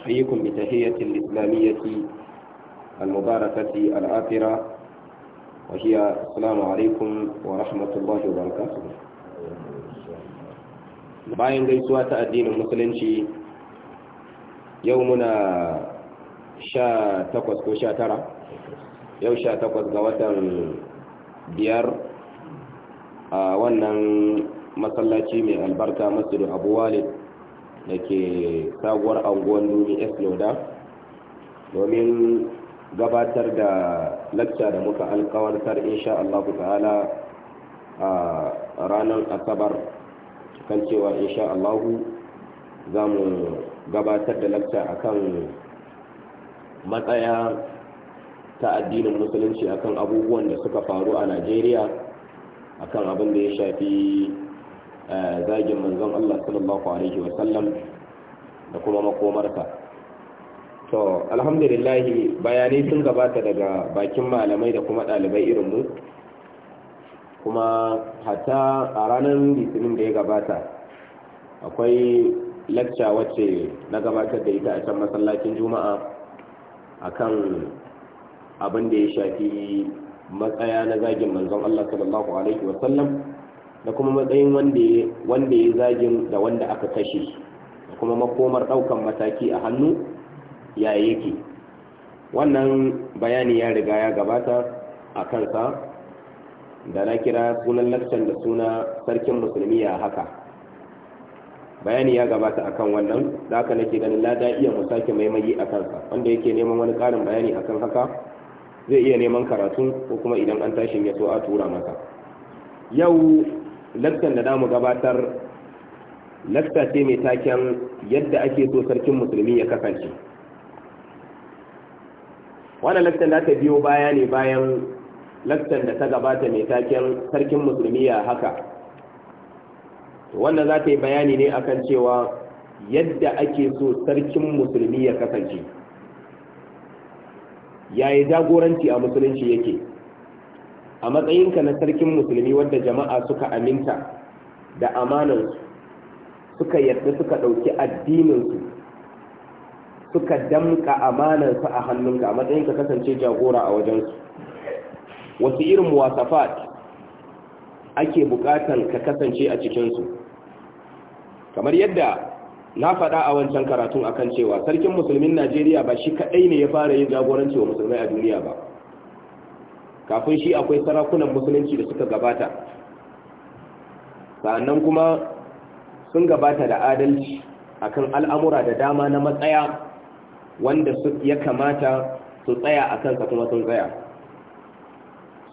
أحييكم بتحية الإسلامية المباركة العاطرة وهي السلام عليكم ورحمة الله وبركاته bayan gaisuwa ta addinin musulunci yau muna sha takwas ko sha tara yau sha takwas ga watan biyar a wannan masallaci mai albarka masjidu abu walid da ke sabuwar anguwan duni esloda domin gabatar da lacca da muka alkawartar insha Allah ta'ala a ranar asabar kan cewa insha Allah za mu gabatar da lacca akan matsaya ta addinin musulunci akan abubuwan da suka faru a Najeriya akan abin da ya shafi Eh, zagin manzon Allah sallallahu alaihi wasallam da kuma makomarsa to alhamdulillah bayanai sun gabata daga bakin malamai da kuma ɗalibai irin mu kuma hatta a ranar litinin da ya gabata akwai lacca wacce na gabatar da ita a can masallacin juma'a akan abin da ya shafi matsaya na zagin manzon Allah sallallahu alaihi wasallam da kuma matsayin wanda ya zagin da wanda aka kashe da kuma makomar ɗaukan mataki a hannu ya yake wannan bayani ya riga ya gabata a kansa da na kira sunan lakcan da suna sarkin musulmi ya haka bayani ya gabata akan wannan da ka nake ganin lada iya mu sake maimagi a kansa wanda yake neman wani karin bayani akan haka zai iya neman karatu ko kuma idan an tashin ya so a tura masa yau lakcan da namu gabatar lakta ce mai taken yadda ake so sarkin musulmi ya kasance wannan laktar da ta biyo baya ne bayan lakcan da ta gabata mai taken sarkin musulmi ya haka wannan za ta yi bayani ne akan cewa yadda ake so sarkin musulmi ya kasance yayi jagoranci a musulunci yake a matsayinka na sarkin musulmi wadda jama'a suka aminta da amanansu suka yarda suka ɗauki addininsu suka damka amanansu a hannunka a matsayinka kasance jagora a wajensu wasu irin wasafat ake bukatan ka kasance a cikinsu kamar yadda na faɗa a wancan karatun akan cewa sarkin musulmin najeriya ba shi kaɗai ne ya fara yin jagoranci wa musulmai a duniya ba kafin shi akwai sarakunan musulunci da suka gabata sa'annan kuma sun gabata da adalci akan al'amura da dama na matsaya wanda ya kamata su tsaya a kansa kuma sun tsaya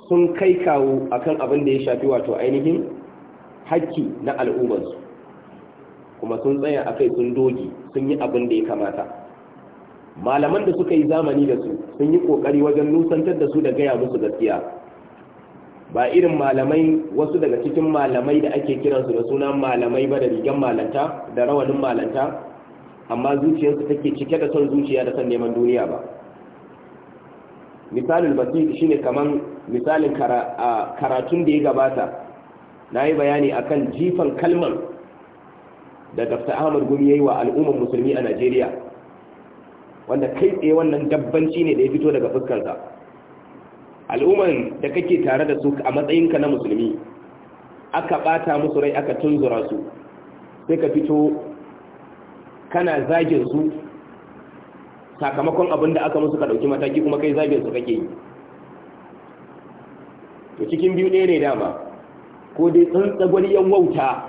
sun kai kawo akan abin da ya shafi wato ainihin hakki na al'ummarsu kuma sun tsaya a kai sun doge sun yi abin da ya kamata malaman da suka yi zamani da su sun yi kokari wajen nusantar da su da gaya musu gaskiya ba irin malamai wasu daga cikin malamai da ake kiransu da sunan malamai ba da rigan malanta da rawanin malanta amma zuciyarsu take cike da son zuciya da son neman duniya ba misalin basir shine kamar misalin karatun da ya gabata na yi bayani akan jifan kalman da dr ahmad gumi ya yi wa al'ummar musulmi a najeriya wanda kai tsaye wannan dabbanci ne da ya fito daga fuskarsa al'umman da kake tare da su a matsayinka na musulmi aka bata musu rai aka tunzura su sai ka fito kana zagin su sakamakon abin da aka musu ka dauki mataki kuma kai zagin su kake yi to cikin biyu ɗaya ne dama ko dai tsantsagwar yan wauta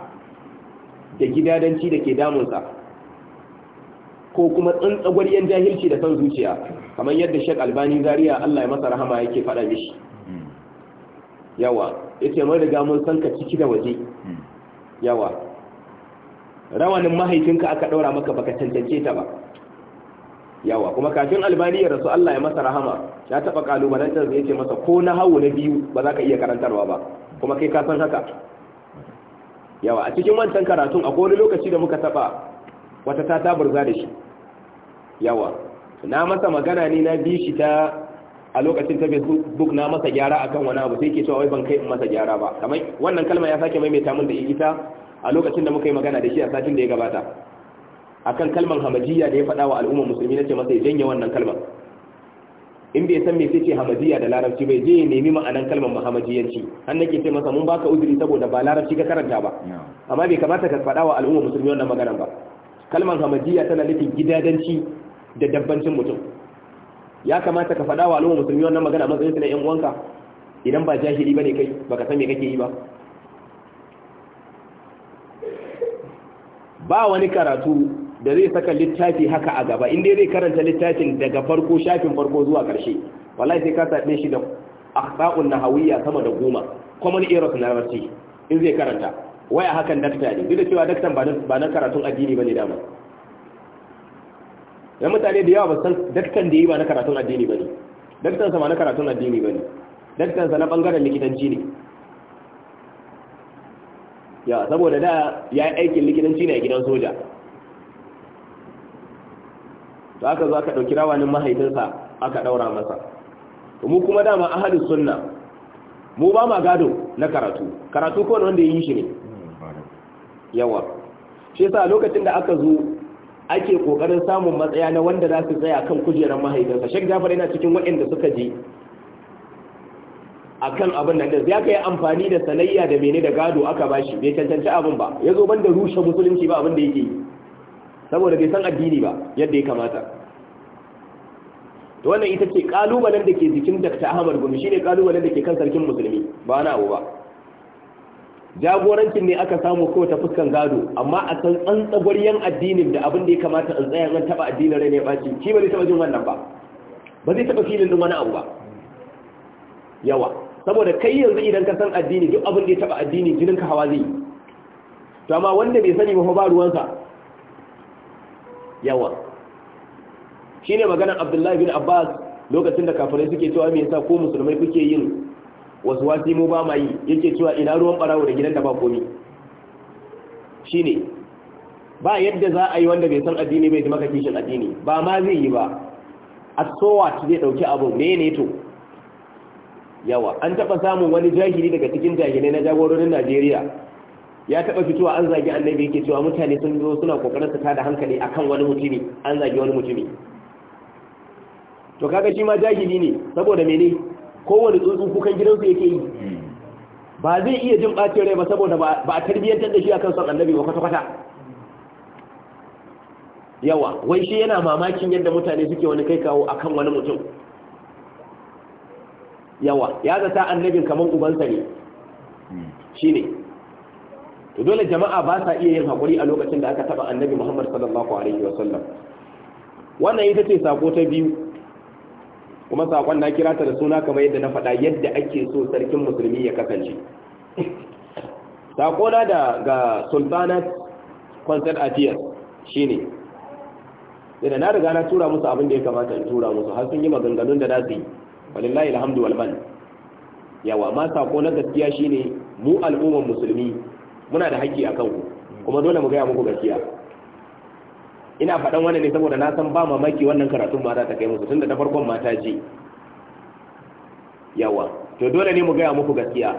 da gidadanci da ke damunsa ko kuma tsantsagwaryen jahilci da san zuciya kamar yadda shek albani Zariya, allah ya masa rahama yake faɗa mishi yawa ya ce mun riga mun san ka ciki da waje yawa rawanin mahaifinka aka ɗora maka baka tantance ta ba yawa kuma kafin albani ya rasu allah ya masa rahama ya taɓa ƙalubalantar ya ce masa ko na hawo na biyu ba za ka iya karantarwa ba kuma kai ka san haka yawa a cikin wancan karatun akwai wani lokaci da muka taɓa wata ta taburza da shi yawa na masa magana ne na bi shi ta a lokacin ta facebook na masa gyara akan wani abu sai ke cewa wai ban kai in masa gyara ba kamar wannan kalma ya sake maimaita min da ita a lokacin da muka yi magana da shi a satin da ya gabata akan kalman hamajiya da ya faɗa wa al'ummar musulmi ce masa ya janye wannan kalmar in bai san me sai ce hamajiya da larabci bai je ya nemi ma'anan kalmar muhammadiyanci har nake ce masa mun baka uzuri saboda ba larabci ka karanta ba amma bai kamata ka faɗa wa al'umma musulmi wannan magana ba kalmar hamajiya tana nufin gidadanci da dabbancin mutum ya kamata ka faɗa wa al'umma musulmi wannan magana a matsayin su na yan uwanka idan ba jahili bane kai baka san me kake yi ba ba wani karatu da zai saka littafi haka a gaba inda zai karanta littafin daga farko shafin farko zuwa ƙarshe wallahi sai ka saɓe shi da akhta'un nahawiyya sama da goma common errors na larabci in zai karanta waya hakan dakta ne duk da cewa daktan ba na karatun addini bane dama dan mutane da yawa ba san daktan da yi ba na karatun addini ba ne. sa ba na karatun addini ba ne. sa na bangaren likitanci ne ya saboda da ya yi aikin likitanci ne a gidan soja to aka zo aka dauki rawanin mahaifinsa aka daura masa mu kuma dama ahalin sunna mu ba ma gado na karatu karatu ko wanda ya yi shi ne hmm, yawa shi yasa lokacin da aka zo ake kokarin samun matsaya na wanda za su tsaya kan kujerar mahaifinsa shek jafar yana cikin waɗanda suka je A kan abin nan da ya kai amfani da sanayya da mene da gado aka bashi bai cancanci abin ba ya zo ban da rushe musulunci ba abin da yake yi saboda bai san addini ba yadda ya kamata to wannan ita ce kalubalen da ke jikin Dr. Ahmad Gumi shine kalubalen da ke kan sarkin musulmi ba na abu ba jagorancin ne aka samu ko ta fuskan gado amma a san an tsagwaryen addinin da abin da ya kamata in tsaya an taba addinin rai ne baci shi ba zai taba jin wannan ba ba zai taba filin din wani abu ba yawa saboda kai yanzu idan ka san addini duk abin da ya taba addini jinin ka hawa zai to amma wanda bai sani ba ba ruwansa yawa shine maganar Abdullahi bin Abbas lokacin da kafirai suke cewa me yasa ko musulmai kuke yin wasu wasi mu ba ma yi yake cewa ina ruwan barawo da gidan da ba komi shine ba yadda za a yi wanda bai san addini bai ji maka kishin addini ba ma zai yi ba a sowa zai dauki abu mene to yawa an taba samun wani jahili daga cikin jahilai na jagororin Najeriya ya taba fitowa an zagi annabi yake cewa mutane sun zo suna kokarin su tada hankali akan wani mutumi an zagi wani mutumi to kaga shi ma jahili ne saboda mene kowane tsuntsu kukan gidansu yake yi hmm. ba zai iya jin ɓacin rai ba saboda ba a tarbiyyantar da shi kan son annabi ba kwata-kwata yawa wai shi yana mamakin yadda mutane suke wani kai kawo a kan wani mutum yawa ya zata annabin kamar ubansa ne hmm. shi ne to dole jama'a ba sa iya yin haƙuri a lokacin da aka taɓa annabi muhammad sallallahu alaihi wasallam wannan ita ce sako ta biyu kuma sakon na kira ta da suna kamar yadda na faɗa yadda ake so sarkin musulmi ya kasance sakona da ga sultanat concert atiyar shine da na riga na tura musu abin da ya kamata in tura musu har sun yi maganganun da za su yi walillahi alhamdu walman. yawa amma sako na gaskiya shine mu al'umman musulmi muna da haƙƙi a kanku kuma dole mu gaya muku gaskiya ina faɗan wannan ne saboda na san ba mamaki wannan karatun ma za ta kai musu tunda da farkon mata ji yawa to dole ne mu gaya muku gaskiya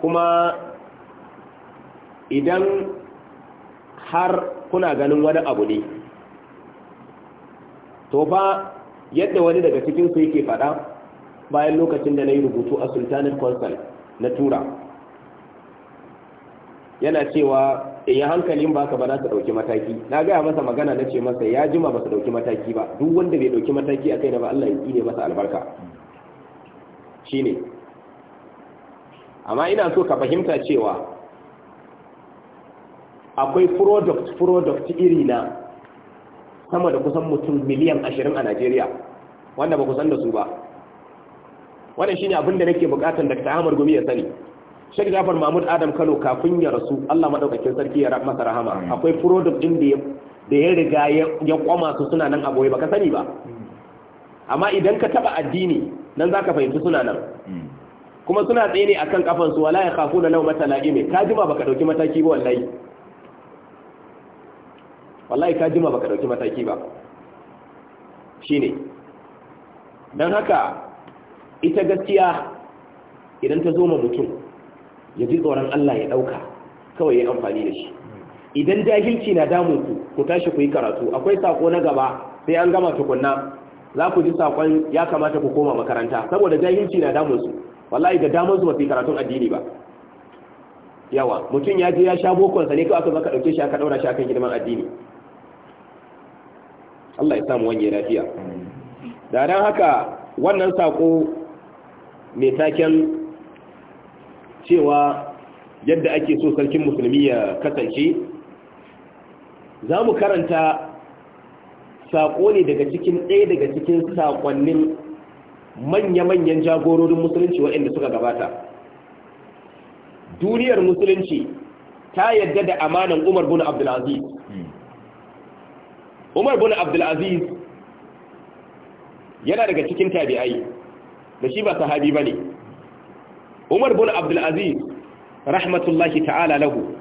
kuma idan har kuna ganin wani abu ne to fa yadda wani daga cikin su yake faɗa bayan lokacin da na yi rubutu a sultanin consul na tura yana cewa Eh, in yi hankalin ba ka ba za ta ɗauki mataki na gaya masa magana na ce masa ya jima ba su ɗauki mataki ba duk wanda bai ɗauki mataki a kai na ba Allah ya tsine masa albarka shi ne amma ina so ka fahimta cewa akwai product product iri na sama da kusan mutum miliyan ashirin a Najeriya wanda ba ku san da su ba wannan shine abin da nake bukatar Dr. Ahmad Gumi ya sani Sheikh Jafar Mahmud Adam Kano kafin ya rasu Allah madaukakin sarki ya masa rahama akwai product din da da ya riga ya kwama su suna nan aboye baka sani ba amma idan ka taba addini nan zaka fahimci suna nan mm. kuma suna tsaye ne akan kafan su wala ya khafuna law mata la'ime ka jima baka dauki mataki ba wallahi wallahi ka jima baka dauki mataki ba shine dan haka ita gaskiya idan ta zo ma mutum ya ji tsoron Allah ya ɗauka kawai ya amfani da shi idan jahilci na damun ku ku tashi ku yi karatu akwai sako na gaba sai an gama tukunna za ku ji sakon ya kamata ku koma makaranta saboda jahilci na damun su wallahi da damu su ba su karatun addini ba yawa mutum ya je ya sha bokon sa ne kawai aka zaka dauke shi aka daura shi akan girman addini Allah ya samu wani lafiya da dan haka wannan sako mai taken cewa yadda ake so sarkin musulmi ya kasance za mu karanta saƙo ne daga cikin ɗaya daga cikin saƙonnin manya-manyan jagororin musulunci waɗanda suka gabata duniyar musulunci ta yadda da amanan umar bin abdulaziz umar bin abdulaziz yana daga cikin tabi'ai da shi ba sahabi ba ne umar bin abdulaziz rahmatullahi ta'ala lahu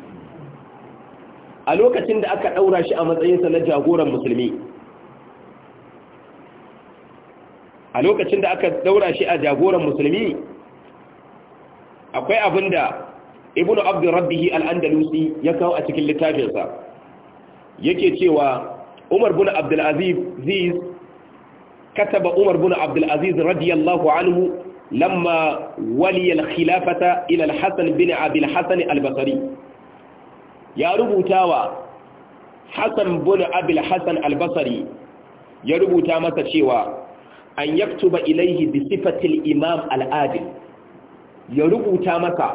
a lokacin da aka ɗaura shi a matsayinsa na jagoran musulmi a lokacin da aka ɗaura shi a jagoran musulmi akwai abin da ibn abdurrabbihi al'andalusi ya kawo a cikin littafinsa yake cewa umar bin abdulaziz kataba umar bin abdulaziz radiyallahu anhu لما ولي الخلافة إلى الحسن بن عبد الحسن البصري يا ربوتاوى حسن بن عبد الحسن البصري يا ربوتا مسا شيوا أن يكتب إليه بصفة الإمام العادل يا ربوتا مسا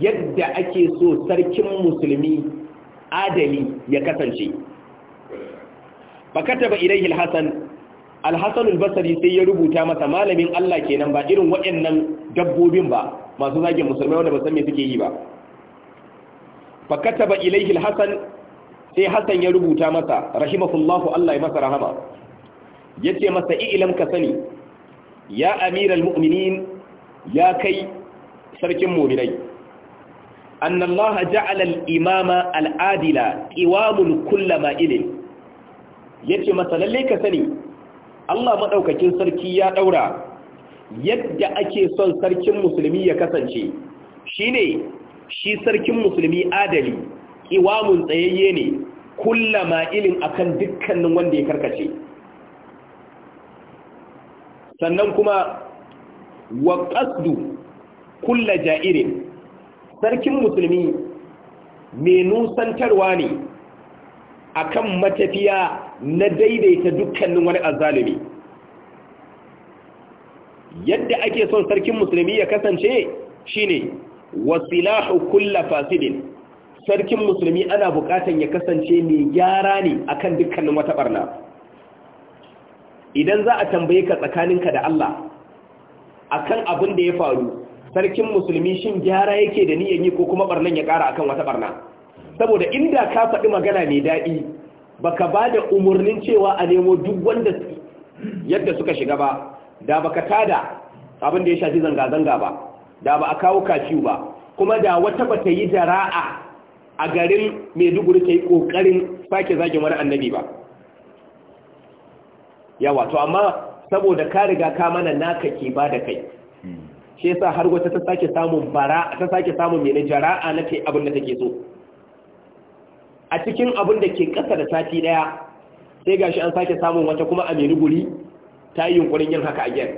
yadda ake so sarkin musulmi adali ya kasance ba kataba ilaihi alhasan alhassan albasari sai ya rubuta masa malamin Allah kenan ba irin waɗannan dabbobin ba masu zagin musulmai wanda ba san me suke yi ba fa kataba ilayhi alhasan sai hasan ya rubuta masa rahimahullahu Allah ya masa rahama yace masa ilam ka sani ya amiral mu'minin ya kai sarkin mu'minai annallaha ja'ala al-imama al-adila qiwamul kullama ilin yace masa lalle ka sani Allah maɗaukakin sarki ya ɗaura yadda ake son sarkin musulmi ya kasance shi ne shi sarkin musulmi adali iwamun tsayayye ne kulla ma'ilin akan dukkanin wanda ya karkace sannan kuma wa ƙasdu kulla ja'irin sarkin musulmi mai nusantarwa ne akan matafiya na daidaita dukkanin wani azzalumi yadda ake son sarkin musulmi ya kasance shine wasilahu kulla fasidin sarkin musulmi ana bukatan ya kasance mai gyara ne akan dukkanin wata barna idan za a tambaye ka tsakaninka da Allah akan abin da ya faru sarkin musulmi shin gyara yake da niyan yi ko kuma barnan ya kara akan wata barna saboda inda ka faɗi magana mai daɗi baka ba da umarnin cewa a nemo duk wanda yadda suka shiga ba da baka tada abin da ya shafi zanga-zanga ba da ba a kawo kaciyu ba kuma da wata bata yi jara'a a garin maiduguri ta yi ƙoƙarin sake zagin wani annabi ba yawa to amma saboda ka riga ka mana naka ke ba da kai hmm. shi yasa har wata ta sake samun bara ta jara'a na kai abin da take so a cikin abin da ke ƙasa da sati ɗaya sai gashi an sake samun wata kuma a guri, ta yi yunkurin yin haka a gyar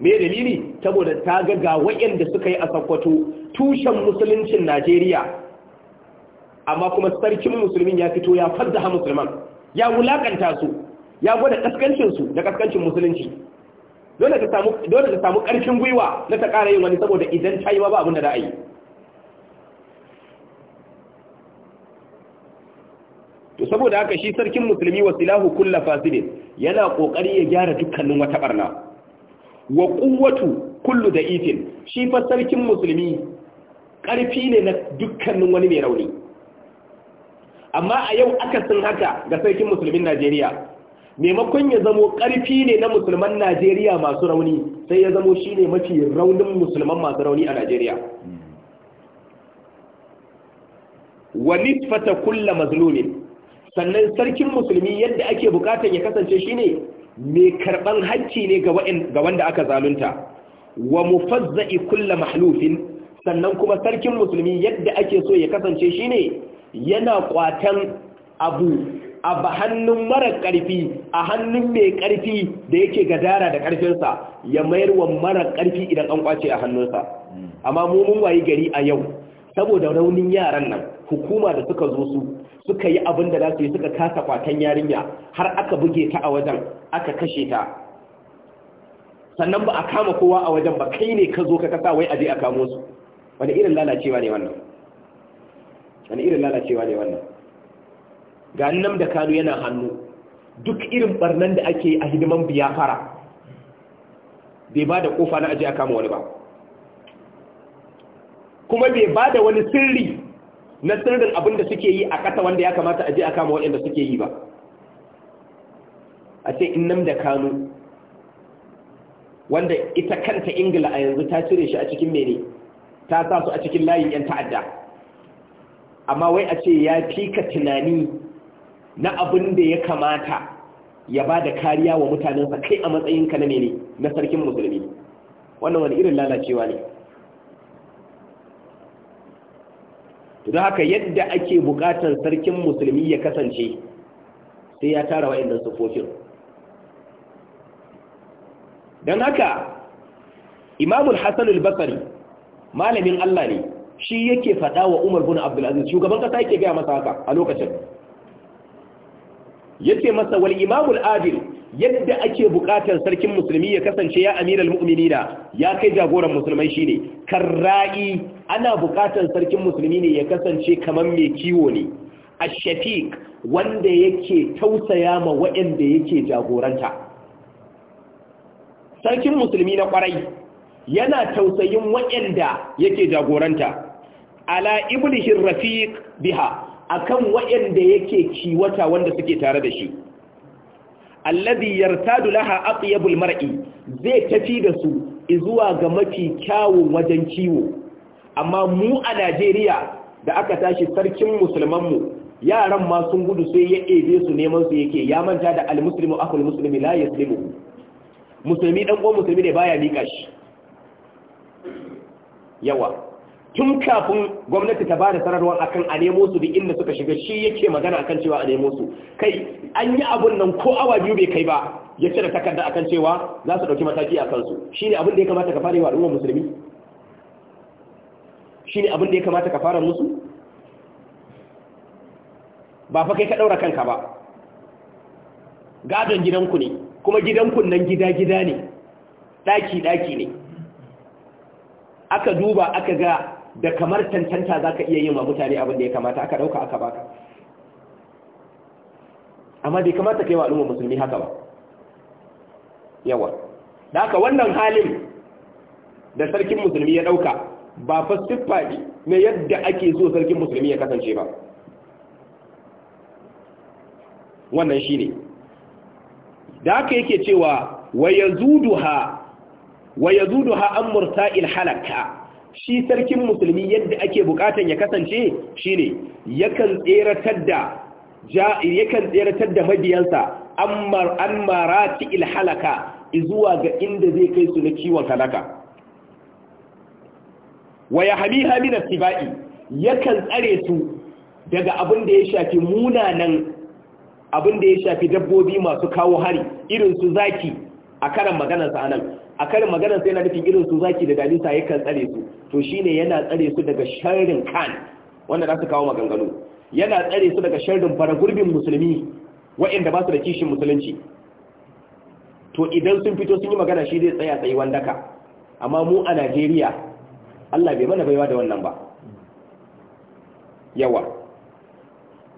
me dalili saboda ta ga ga waɗanda suka yi a sakkwato tushen musuluncin najeriya amma kuma sarkin musulmin ya fito ya faddaha musulman ya wulaƙanta su ya gwada ƙasƙancinsu da ƙasƙancin musulunci dole ta samu ƙarfin gwiwa na ta ƙara yin wani saboda idan ta yi ma ba abin da za saboda haka shi sarkin musulmi wa silahu kulla fasidin yana kokari ya gyara dukkanin wata barna wa quwwatu kullu da'ifin shi fa sarkin musulmi karfi ne na dukkanin wani mai rauni amma a yau aka akasin haka ga sarkin musulmin Najeriya maimakon ya zamo karfi ne na musulman Najeriya masu rauni sai ya zamo shine mafi raunin musulman masu rauni a Najeriya hmm. wa nisfata kulla mazlumin sannan sarkin musulmi yadda ake bukatan ya kasance shine mai karban hacci ne ga wanda aka zalunta wa mufazza'i kulle mahlufin sannan kuma sarkin musulmi yadda ake so ya kasance shine yana kwatan abu a hannun mara ƙarfi a hannun mai ƙarfi da yake gadara da ƙarfinsa ya mayar wa mara ƙarfi idan an kwace a hannunsa amma mu mun wayi gari a yau saboda raunin yaran nan hukuma da suka zo su suka yi abin da za su yi suka kasa kwatan yarinya har aka buge ta a wajen aka kashe ta sannan ba a kama kowa a wajen ba kai ne ka zo ka kasa wai aje a kamo su wani irin lalacewa ne wannan wani irin lalacewa ne wannan ga nan da kanu yana hannu duk irin barnan da ake a hidiman biyafara bai ba da kofa na aje a kama wani ba kuma bai ba da wani sirri na sirrin abin da suke yi a kasa wanda ya kamata a je a kama waɗanda suke yi ba a ce innam da Kano, wanda ita kanta ingila a yanzu ta cire shi a cikin mene ta sa su a cikin layin 'yan ta'adda amma wai a ce ya fika tunani na abin da ya kamata ya ba da kariya wa mutanensa kai a matsayinka na mene na sarkin musulmi wannan wani irin lalacewa ne don haka yadda ake bukatar sarkin musulmi ya kasance sai ya tara inda sufofin don haka imamul hassan al-basari malamin Allah ne shi yake faɗawa wa umar bin abdulaziz shugaban ƙasa yake gaya masa haka a lokacin yake masa wal imamul adil yadda ake bukatar sarkin musulmi ya kasance ya amiral da ya kai jagoran musulmai shine karra'i ana bukatar sarkin musulmi ne ya kasance kamar mai kiwo ne ash-shafiq wanda yake tausaya ma waɗanda yake jagoranta sarkin musulmi na kwarai yana tausayin waɗanda yake jagoranta ala ibnihi rafiq biha akan waɗanda yake kiwata wanda suke tare da shi alladhi yartadu laha atyabul mar'i zai tafi da su zuwa ga mafi kyawun wajen ciwo amma mu a Najeriya da aka tashi sarkin musulman mu, yaran ma sun gudu sai ya ebe su neman su yake ya manta da almuslimu akul muslimi la yaslimu musulmi dan uwan musulmi ne baya mika shi yawa tun kafin gwamnati ta da sararwar akan a nemo su duk inda suka shiga shi yake magana akan cewa a nemo su kai an yi abun nan ko awa biyu bai kai ba ya cire takarda akan cewa za su dauki mataki a kansu ne abin da ya kamata ka fara wa al'ummar musulmi ne abin da ya kamata ka fara musu ba fa kai ka daura kanka ba gadon gidanku ne kuma gidanku nan gida gida ne daki daki ne aka duba aka ga da kamar tantanta za ka iya yi ma mutane abin da ya kamata aka ɗauka aka baka amma bai kamata kai wa al'umma musulmi haka ba yawa da haka wannan halin da sarkin musulmi ya ɗauka ba fa siffa ne yadda ake so sarkin musulmi ya kasance ba wannan shi ne da haka yake cewa wa ya zuduha an murta halakka shi sarkin musulmi yadda ake bukatan ya kasance shine yakan tseratar da yakan tseratar da mabiyansa ammar an ilhalaka zuwa ga inda zai kai su na kiwon halaka Waya Hami min na sibai yakan tsare su daga abin da ya shafi munanan abin da ya shafi dabbobi masu kawo hari irin su zaki a karan maganarsa sa anan a karin magana sai yana nufin irin su zaki da dalisa yakan tsare su to shine yana tsare su daga sharrin kan wanda za su kawo maganganu yana tsare su daga sharrin faragurbin musulmi wa'inda ba su da kishin musulunci to idan sun fito sun yi magana shi zai tsaya tsayi wandaka amma mu a Najeriya Allah bai mana baiwa da wannan ba yawa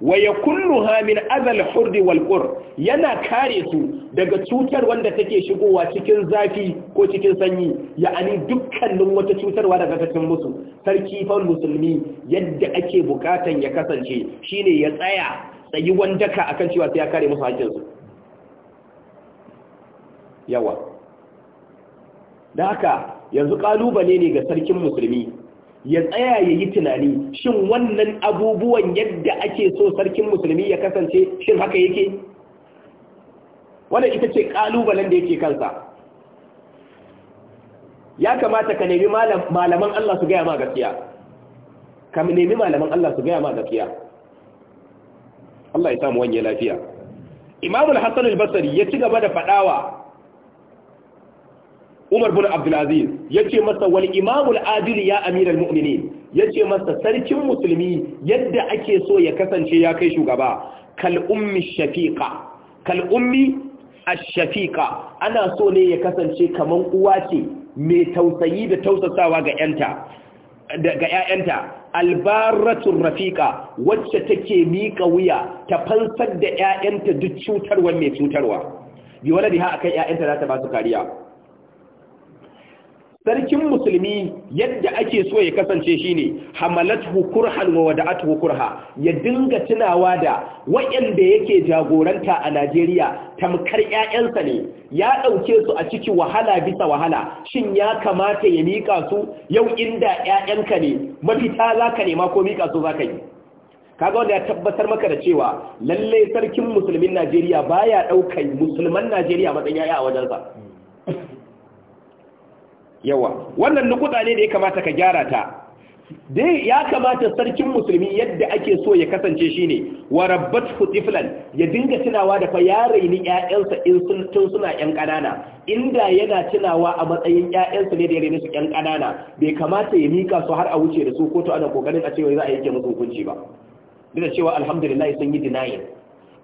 wa ya kulluha min azal hurdi wal qur yana kare su daga cutar wanda take shigowa cikin zafi ko cikin sanyi ya'ani dukkanin wata cutarwa daga cikin musu sarki faul musulmi yadda ake bukatan ya kasance shine ya tsaya tsayi wandaka akan cewa sai ya kare musu hakkin su yawa da haka yanzu kalubale ne ga sarkin musulmi ya tsaya ya yi tunani shin wannan abubuwan yadda ake so sarkin musulmi ya kasance shin haka yake wannan ita ce kalubalen da yake kansa ya kamata ka nemi malaman Allah su gaya ma gaskiya ka nemi malaman Allah su gaya ma gaskiya Allah ya samu wani lafiya Imamul hasan al-Basri ya ci gaba da fadawa Umar bin Abdulaziz yace masa wal imamul adil ya amiral mu'minin yace masa sarkin musulmi yadda ake so ya kasance ya kai shugaba kal ummi shafiqa kal ummi ash-shafiqa ana so ne ya kasance kaman uwa ce mai tausayi da tausasawa ga yanta ga ‘ya'yanta albaratun Rafiqa wacce take miƙa wuya ta fansar da ‘ya'yanta duk cutarwa mai cutarwa bi wadda da ha akan ‘ya'yanta za ta ba su kariya sarkin musulmi yadda ake so ya kasance shine Hamalat Hukurhan wa wada'athu Hukurha, ya dinga tunawa da wayanda yake jagoranta a Najeriya tamkar ƴaƴansa ne ya dauke su a cikin wahala bisa wahala shin ya kamata ya mika su yau inda ƴaƴanka ne mafita zaka nema ko mika su zaka yi kaga wanda ya tabbatar maka da cewa lalle sarkin musulmin Najeriya baya daukan musulman Najeriya matsayin ƴaƴa a wajensa yawa wannan nukuda ne da ya kamata ka gyara ta dai ya kamata sarkin musulmi yadda ake so ya kasance shine wa rabbat hutiflan ya dinga tunawa da fa ya raini ƴaƴansa in sun tun suna ƴan ƙanana inda yana tunawa a matsayin ƴaƴansa ne da ya raini su ƴan ƙanana bai kamata ya mika su har a wuce da su ko to ana kokarin a cewa za a yanke musu hukunci ba duk da cewa alhamdulillah sun yi denying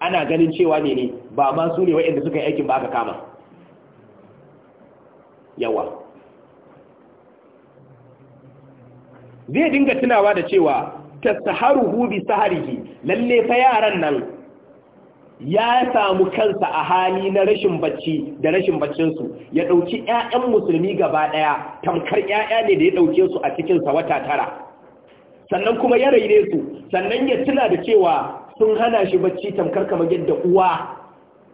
ana ganin cewa ne ne ba ma su ne waɗanda suka yi aikin ba aka kama yawa zai dinga tunawa da cewa ta tasaharuhu bi saharihi lalle fa yaran nan ya samu kansa a hali na rashin bacci da rashin baccinsu ya ɗauki 'ya'yan musulmi gaba ɗaya tamkar 'ya'ya ne da ya ɗauke su a cikinsa wata tara sannan kuma ya raine su sannan ya tuna da cewa sun hana shi bacci tamkar kamar yadda uwa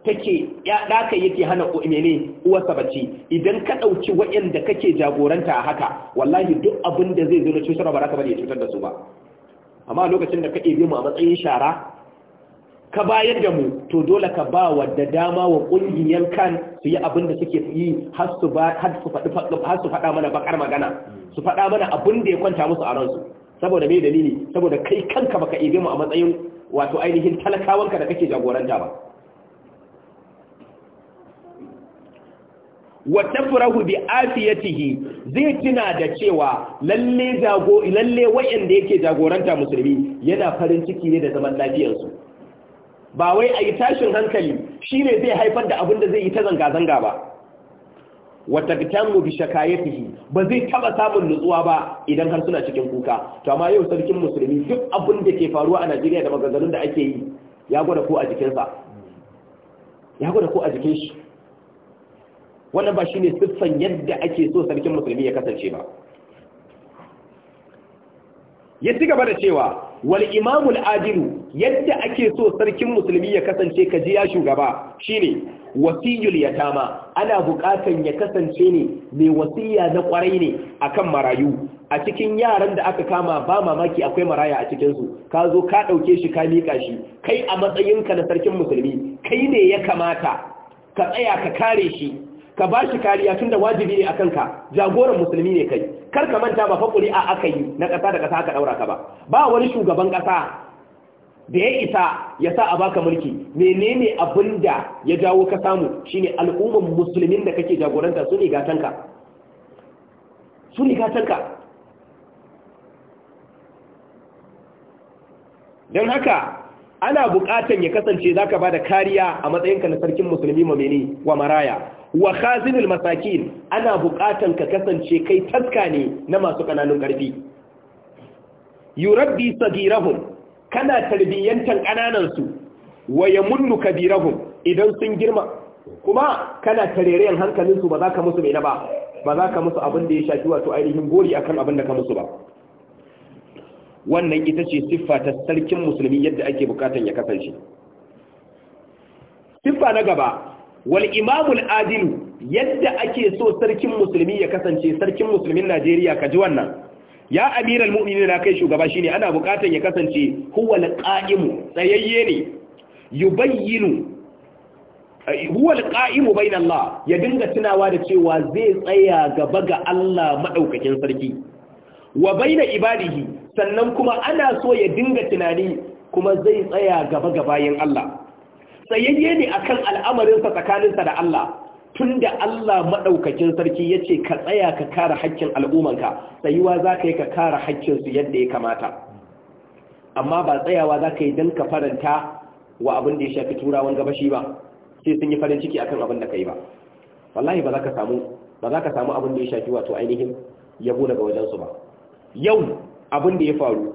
take ya daka yake hana mene uwarsa sabaci idan ka dauki waɗanda kake jagoranta a haka wallahi duk abin da zai zo da cutar baraka ba ya cutar da su ba amma lokacin da ka ebe mu a matsayin shara ka bayar da mu to dole ka ba wa da dama wa ƙungiyar kan su yi abin da suke yi har su faɗa mana bakar magana su faɗa mana abin da ya kwanta musu a ransu saboda mai dalili saboda kai kanka baka ebe mu a matsayin wato ainihin talakawanka da kake jagoranta ba wa tafrahu bi afiyatihi zai tuna da cewa lalle jago lalle wayanda yake jagoranta musulmi yana farin ciki ne da zaman su. ba wai a yi tashin hankali shine zai haifar da abin da zai yi ta zanga zanga ba wa tagtamu bi shakayatihi ba zai taba samun nutsuwa ba idan har suna cikin kuka to amma yau sarkin musulmi duk abin da ke faruwa a Najeriya da maganganun da ake yi ya gwada ko a jikinsa ya gwada ko a jikin shi wannan ba shine siffan yadda ake so sarkin musulmi ya kasance ba ya ci gaba da cewa wal imamul adilu yadda ake so sarkin musulmi ya kasance ka kaji ya shugaba shine wasiyul tama. ana bukatan ya kasance ne mai wasiya na kwarai ne akan marayu a cikin yaran da aka kama ba mamaki akwai maraya a cikin su ka zo ka ɗauke shi ka mika shi kai a matsayinka na sarkin musulmi kai ne ya kamata ka tsaya ka kare shi ka ba shi kariya tun da wajibi ne a kanka jagoran musulmi ne kai kar ka manta ba faƙuri a aka yi na ƙasa da ƙasa aka ɗaura ka ba ba wani shugaban ƙasa da ya isa ya sa a baka mulki menene abin da ya jawo ka samu shine al'umman musulmin da kake jagoranta su ne gatanka su ne gatanka don haka ana buƙatan ya kasance zaka da kariya a matsayinka na sarkin musulmi mamini wa maraya wa khazinul masakin ana buƙatan ka kasance kai taska ne na masu kananun karfi yurabbi sagirahum kana tarbiyyantan kananan su wa yamunnu kabirahum idan sun girma kuma kana tarereyan hankalin su ba za ka musu mai na ba ba za ka musu abin da ya shafi wato ainihin gori akan abin da ka musu ba wannan ita ce siffa ta sarkin musulmi yadda ake bukatan ya kasance siffa na gaba wal imamul adilu yadda ake so sarkin musulmi ya kasance sarkin musulmin Najeriya ka ji wannan ya amiral mu'minin na kai shugaba shine ana bukatan ya kasance huwal qa'imu tsayayye ne yubayyinu huwal qa'imu bainallah ya dinga tunawa da cewa zai tsaya gaba ga Allah madaukakin sarki wa baina ibadihi sannan kuma ana so ya dinga tunani kuma zai tsaya gaba ga bayan Allah tsayayye ne akan al'amarinsa tsakaninsa da Allah tunda Allah madaukakin sarki yace ka tsaya ka kare haƙƙin al'umanka tsayuwa zaka yi ka kare haƙƙin su yadda ya kamata amma ba tsayawa zaka yi dan ka faranta wa abin da ya shafi turawan gabashi ba sai sun yi farin ciki akan abin da kai ba wallahi ba za ka samu ba za ka samu abin da ya shafi wato ainihin yabo daga wajensu ba yau abin da ya faru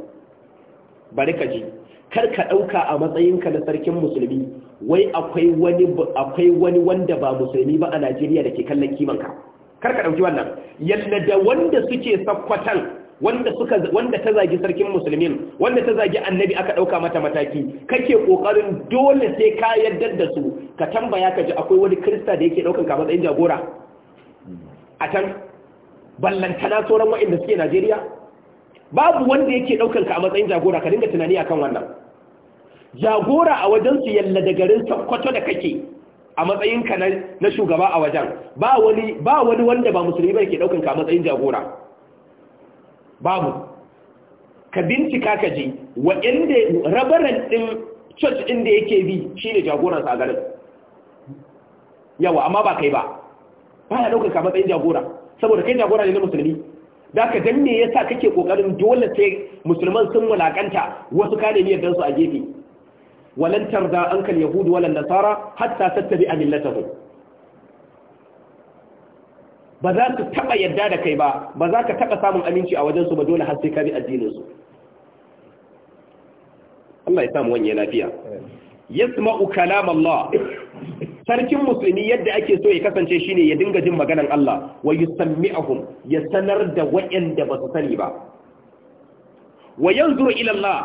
bari ka ji kar ka ɗauka a matsayinka na sarkin musulmi wai akwai wani akwai wani wanda ba musulmi ba a Najeriya da ke kallon kimanka kar ka ɗauki wannan yalla da wanda suke sakwatan, wanda suka wanda ta zagi sarkin musulmin wanda ta zagi annabi aka ɗauka mata mataki kake kokarin dole sai ka yarda da su ka tambaya ka ji akwai wani krista da yake ɗaukan ka matsayin jagora a can ballantana sauran waɗanda suke Najeriya babu wanda yake daukar ka a matsayin jagora ka dinga tunani akan wannan jagora a wajen su yalla da garin sakkwato da kake a matsayin ka na shugaba a wajen ba wani ba wani wanda ba musulmi ba yake daukar ka a matsayin jagora babu ka bincika ka ji waɗanda rabaran din church da yake bi shine jagoran a garin yawa amma ba kai ba ba ya daukar ka matsayin jagora saboda kai jagora ne na musulmi da ka dan me yasa kake ƙoƙarin dole sai musulman sun mulakanta wasu kane dansu su a gefe walan an kan Yahudu wala nasara hatta tattabi millatahum ba za su taba yadda da kai ba ba za ka taɓa samun aminci a wajen su ba dole har sai ka bi addinin su Allah ya samu wani lafiya yasma'u kalam Allah sarkin musulmi yadda ake so ya kasance shine ya dinga jin maganan Allah wa yusammi'ahum ya sanar da waɗanda ba su sani ba wa yanzuru ila Allah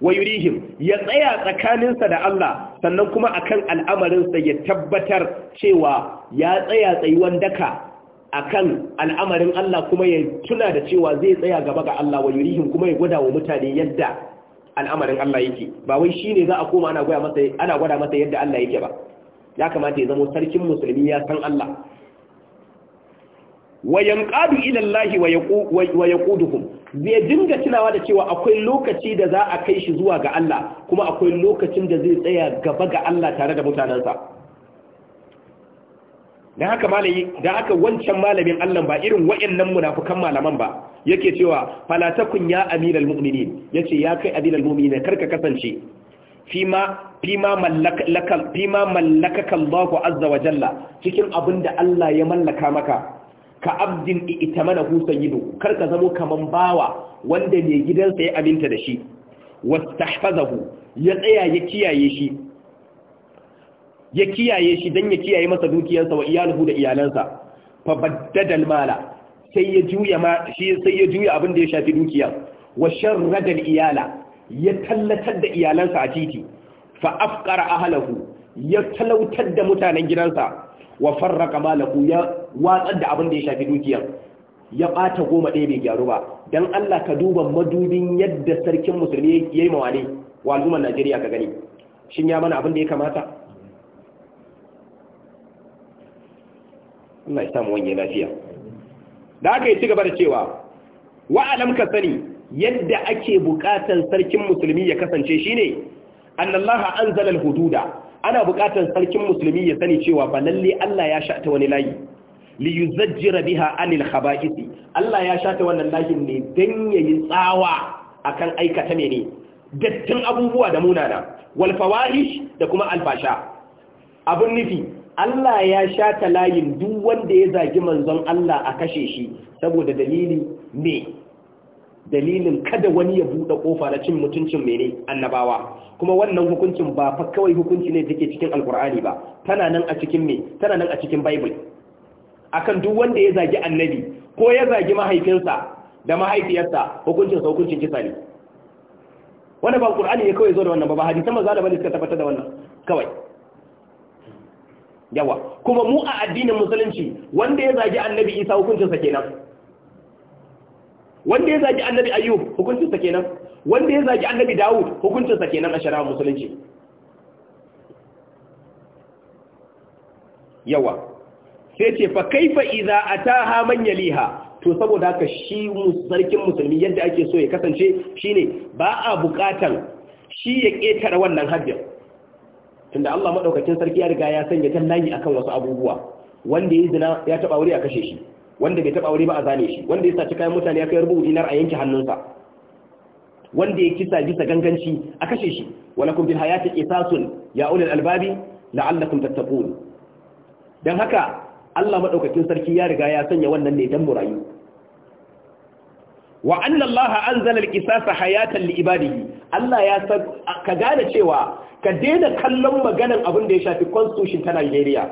wa yurihim ya tsaya tsakaninsa da Allah sannan kuma akan al'amarinsa ya tabbatar cewa ya tsaya tsayuwan daka akan al'amarin Allah kuma ya tuna da cewa zai tsaya gaba ga Allah wa yurihim kuma ya gwada wa mutane yadda al'amarin Allah yake ba wai shine za a koma ana gwada masa yadda Allah yake ba ya kamata ya zama sarkin musulmi ya san Allah wa yanqadu ila Allah wa yaquduhum zai dinga tunawa da cewa akwai lokaci da za a kai shi zuwa ga Allah kuma akwai lokacin da zai tsaya gaba ga Allah tare da mutanansa dan haka malami dan haka wancan malamin Allah ba irin wayannan munafukan malaman ba yake cewa falatakun ya amiral mu'minin yace ya kai amiral mu'minin karka kasance fima fima mallaka fima azza wa jalla cikin abinda Allah ya mallaka maka ka abdin mana hu sayyidu kar ka zamo kaman bawa wanda ne gidansa ya aminta da shi wastahfazahu ya tsaya ya kiyaye shi ya kiyaye shi dan ya kiyaye masa dukiyarsa wa iyaluhu da iyalansa fa baddadal mala sai ya juya ma shi sai ya juya abin da ya shafi dukiya wa sharradal iyala ya tallatar da iyalansa a titi fa afqara ahlahu ya talautar da mutanen gidansa wa farraka malahu ya watsar da abin da ya shafi dukiyar ya bata goma ɗaya bai gyaru ba dan Allah ka duba madubin yadda sarkin musulmi yayi mawani wa al'ummar Najeriya ka gani shin ya mana abin da ya kamata Allah ya samu wani lafiya da aka yi ci gaba da cewa alam ka sani yadda ake bukatan sarkin musulmi ya kasance shine annallaha anzala hududa ana buƙatar sarkin musulmi ya sani cewa ba lalle Allah ya shata wani layi li yuzajjira biha anil khaba'isi Allah ya shata wannan layin ne dan yayi tsawa akan aikata ne dattin abubuwa da munana wal fawahish da kuma Alfasha. abun nufi Allah ya shata layin duk wanda ya zagi manzon Allah a kashe shi saboda dalili me dalilin kada wani ya buɗe ƙofa na cin mutuncin mene annabawa kuma wannan hukuncin ba fa kawai hukunci ne da ke cikin alkur'ani ba tana nan a cikin me tana nan a cikin bible akan duk wanda ya zagi annabi ko ya zagi mahaifinsa da mahaifiyarsa hukuncin sa hukuncin kisa ne wannan ba alkur'ani ne kawai zo da wannan ba ba hadisan manzo Allah bane suka tabbatar da wannan kawai yawa kuma mu a addinin musulunci wanda ya zagi annabi isa hukuncin sa kenan wanda ya zagi annabi ayyub hukuncinsa kenan wanda ya zagi annabi dawud hukuncinsa kenan a shari'a musulunci yawa sai ce fa kaifa idza ataha man yaliha to saboda haka shi sarkin musulmi yadda ake so ya kasance shine ba a bukatan shi ya ketare wannan haddin tunda Allah madaukakin sarki ya riga ya sanya tallahi akan wasu abubuwa wanda ya zina ya taba wuri a kashe shi wanda bai taba aure ba a zane shi wanda ya saci kayan mutane ya kai rubu dinar a yanke hannunsa wanda ya kisa bisa ganganci a kashe shi Wala walakum bil hayati qisasun ya ulul albabi la'allakum tattaqun dan haka Allah madaukakin sarki ya riga ya sanya wannan ne dan murayu wa anna Allah anzala al isasa hayatan li ibadihi Allah ya ka gane cewa ka daina kallon maganan abin da ya shafi constitution ta Najeriya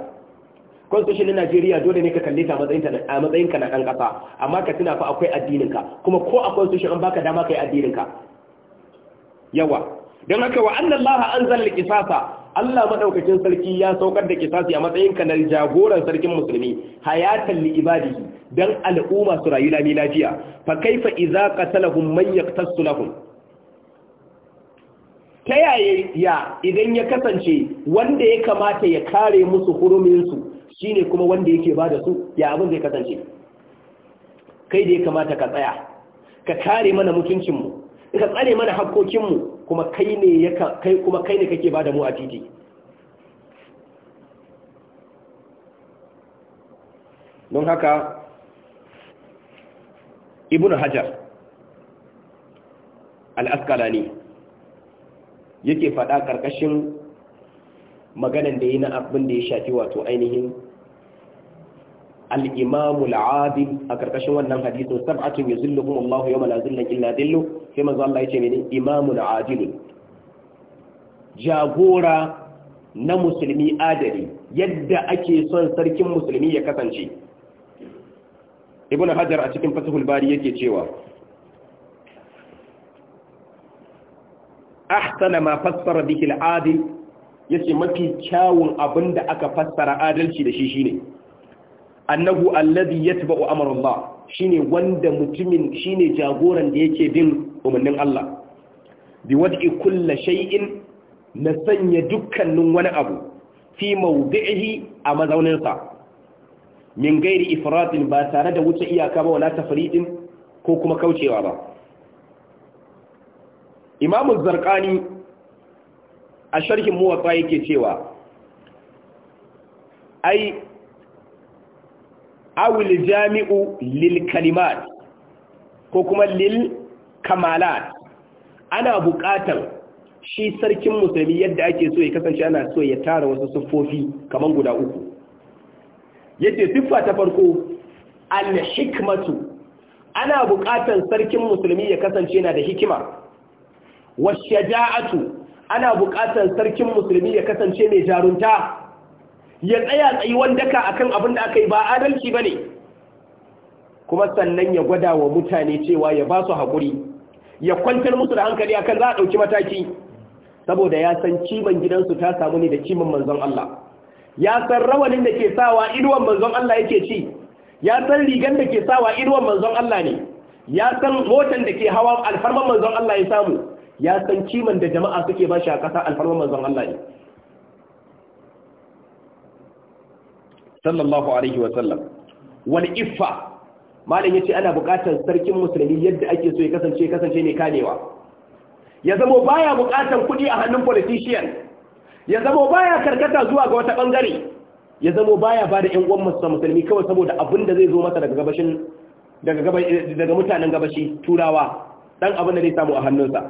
constitution na Najeriya dole ne ka kalle ta a matsayin ka na ɗan ƙasa amma ka tuna fa akwai addininka kuma ko a constitution an baka dama kai addininka yawa don haka wa annallaha anzala al-qisasa Allah Maɗaukacin sarki ya saukar da kisasi a matsayin na jagoran sarkin musulmi hayatan li ibadihi dan al'umma su rayu lami lafiya fa kaifa idza qatalahum man yaqtasu lahum ta yaya idan ya kasance wanda ya kamata ya kare musu hurumin Shi ne kuma wanda yake ba da su ya abin zai kasance kai da ya kamata ka tsaya ka kare mana mutuncinmu ka tsare mana hakkokinmu kuma kai ne kuma kai kake ba da mu a titi don haka ibn hajar al'askalani yake faɗa ƙarƙashin maganan da yi na abin da ya shafi wato ainihin al-imam al a karkashin wannan hadisin sab'atun yuzilluhum Allah yawma la zillan illa dillu sai manzo Allah yace mene imamun adilun jagora na musulmi adali yadda ake son sarkin musulmi ya kasance ibn hajar a cikin fasihul bari yake cewa ahsana ma fassara bihi al-adil yace mafi kyawun abinda aka fassara adalci da shi shine annahu alladhi yatba'u amra Allah shine wanda mutumin shine jagoran da yake bin umarnin Allah bi wad'i kulli shay'in na sanya dukkanin wani abu fi mawdi'ihi a mazauninsa min gairi ifratin ba tare da wuce iyaka ba wala tafridin ko kuma kaucewa ba Imam Zarqani a sharhin Muwatta yake cewa ai awil jami'u lil kalimat ko kuma lil kamalat ana buƙatar shi sarkin musulmi yadda ake so ya kasance ana so ya tara wasu siffofi kamar guda uku yace siffa ta farko al-hikmatu ana buƙatar sarkin musulmi ya kasance yana da hikima washaja'atu ana buƙatar sarkin musulmi ya kasance mai jarunta ya tsaya tsayuwan daka akan abin da aka yi ba adalci ba ne kuma sannan ya gwada wa mutane cewa ya ba su haƙuri ya kwantar musu da hankali akan za a ɗauki mataki saboda ya san ciman gidansu ta samu ne da ciman manzon Allah ya san rawanin da ke sawa idon manzon Allah yake ci ya san rigan da ke sawa idon manzon Allah ne ya san motan da ke hawa alfarman manzon Allah ya samu ya san ciman da jama'a suke ba shi a ƙasa alfarman manzon Allah ne sallallahu alaihi wa wal iffa malam yace ana buƙatar sarkin musulmi yadda ake so ya kasance kasance ne kanewa ya zamo baya buƙatar kuɗi a hannun politician ya zamo baya karkata zuwa ga wata bangare ya zamo baya bada ƴan uwan musulmi kawai saboda abin da zai zo masa daga gabashin daga daga mutanen gabashi turawa dan abin da zai samu a hannunsa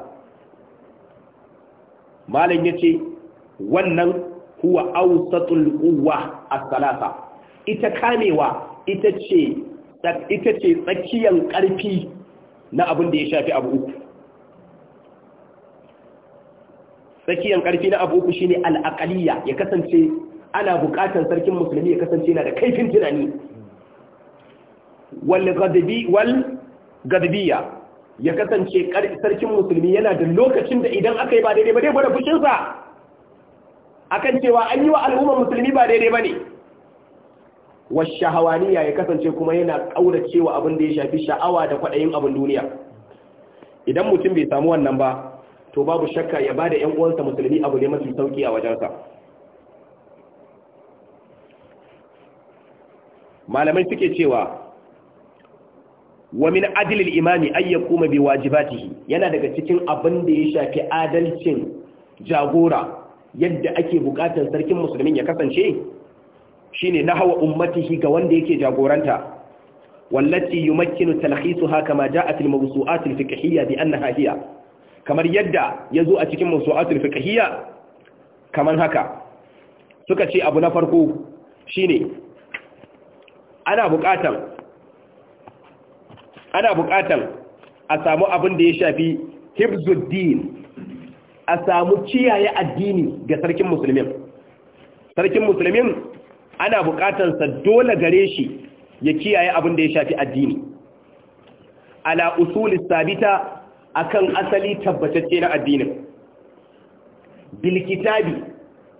malam yace wannan huwa awsatul quwwa as-salasa ita kamewa ita ce ita ce tsakiyar karfi na abin da ya shafi abu uku tsakiyar karfi na abu uku shine al-aqaliyya ya kasance ana bukatan sarkin musulmi ya kasance yana da kaifin tunani wal ghadbi wal gadbiya ya kasance sarkin musulmi yana da lokacin da idan aka yi ba daidai ba dai gwada fushinsa akan cewa an yi wa al'ummar musulmi ba daidai ba ne. wa shahawaniya ya kasance kuma yana cewa abin da ya shafi sha'awa da kwaɗayin abin duniya idan mutum bai samu wannan ba to babu shakka ya bada ƴan uwansa musulmi abu ne mafi sauki a wajensa malamai suke cewa wa min adilil imami ay yakuma bi wajibatihi yana daga cikin abin da ya shafi adalcin jagora yadda ake bukatar sarkin musulmin ya kasance shi ne na hawa ummatihi ga wanda yake jagoranta wallati yumakkinu talhisuha kama ja'at al-mawsu'at al-fiqhiyya bi annaha hiya kamar yadda yazo a cikin mawsu'at al-fiqhiyya kaman haka suka ce abu na farko shine ana buƙatan ana buƙatan a samu abin da ya shafi hibzuddin a samu ciyaye addini ga sarkin musulmin sarkin musulmin ana bukatansa dole gare shi ya kiyaye abin da ya shafi addini ala usuli sabita akan asali tabbatacce na addinin bil kitabi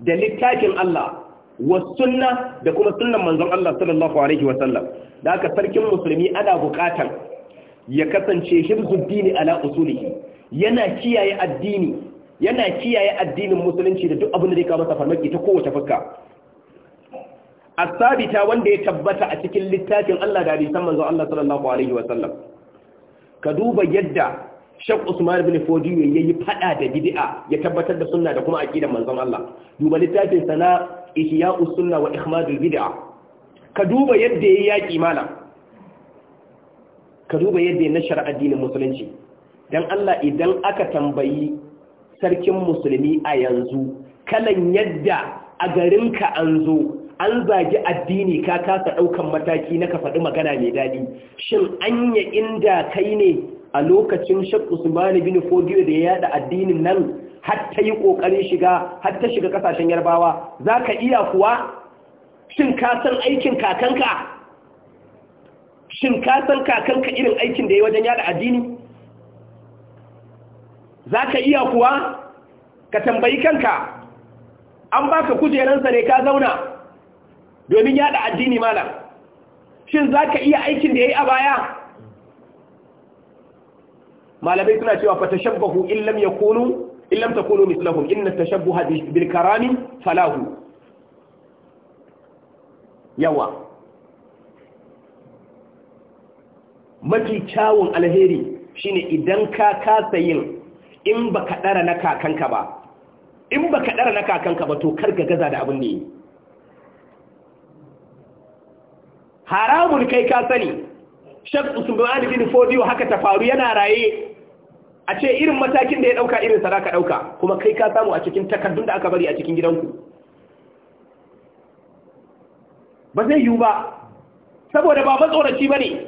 da littafin Allah wa sunna da kuma sunnan manzon Allah sallallahu alaihi wa sallam da haka sarkin musulmi ana bukatan ya kasance hibzuddini ala usulihi yana kiyaye addini yana kiyaye addinin musulunci da duk abin da zai kawo masa farmaki ta kowace fuska asabita wanda ya tabbata a cikin littafin Allah da hadisan manzo Allah sallallahu alaihi wa sallam ka duba yadda Sheikh Usman ibn Fodiyo yayi fada da bid'a ya tabbatar da sunna da kuma aqidar manzon Allah duba littafin sana Ihya'us usunna wa Ikhmadul Bid'a ka duba yadda yayi yaki malam ka duba yadda ya nashar addinin musulunci dan Allah idan aka tambayi sarkin musulmi a yanzu kalan yadda a garinka an zo an zagi addini ka kasa ɗaukan mataki na ka faɗi magana mai daɗi shin anya inda kai ne a lokacin shek usmani bin fodiyo da ya yada addinin nan har ta yi ƙoƙarin shiga har ta shiga ƙasashen yarbawa za ka iya kuwa shin ka san aikin kakanka shin ka san kakanka irin aikin da ya wajen yada addini za ka iya kuwa ka tambayi kanka an ba ka kujeransa ne ka zauna domin yada addini malam shin za ka iya aikin da ya yi a baya malamai suna cewa fa shabbahu illam kunu illam kunu mislahum inna tashabbuha bil karami falahu yawa mafi kyawun alheri shine idan ka kasa yin in ba ka ɗara na kakanka ba in ba ka ɗara na kakanka ba to karga gaza da abin da yi haramun kai ka sani shak usman bin fodiyo haka ta faru yana raye a ce irin matakin da ya ɗauka irin sa ka ɗauka kuma kai ka samu a cikin takardun da aka bari a cikin gidanku ba zai yiwu ba saboda ba matsoraci ba ne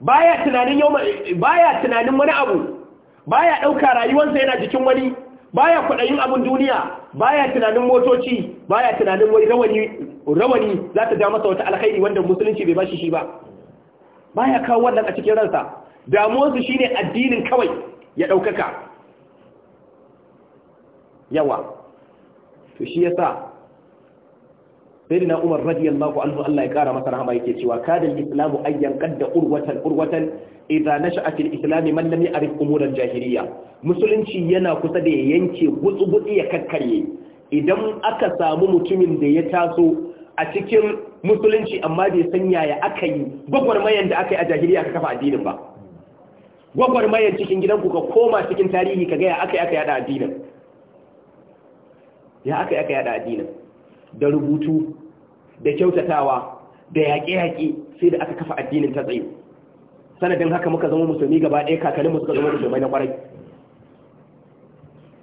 baya tunanin wani abu baya ɗauka rayuwarsa yana jikin wani baya kwaɗayin abin duniya baya tunanin motoci baya tunanin wani rawani rawani za ta masa wata alkhairi wanda musulunci bai bashi shi ba baya kawo wannan a cikin ransa shi shine addinin kawai ya ɗaukaka yawa to shi yasa sayyidina umar radiyallahu anhu Allah ya kara masa rahama yake cewa kada islamu ayyan qadda urwatan urwatan idza nasha'a fil islam man lam ya'rif umur al jahiliya musulunci yana kusa da ya yanke gutsu ya kakkare idan aka samu mutumin da ya taso a cikin musulunci amma bai san yaya aka yi gwagwarmayar da aka yi a jahiliya ka kafa addinin ba gwagwarmayar cikin gidanku ka koma cikin tarihi ka gaya aka yi aka yada addinin ya aka yi aka yada addinin da rubutu da kyautatawa da yaƙe-yaƙe sai da aka kafa addinin ta tsaye sanadin haka muka zama musulmi gaba ɗaya kakanninmu suka zama musulmai na kwarai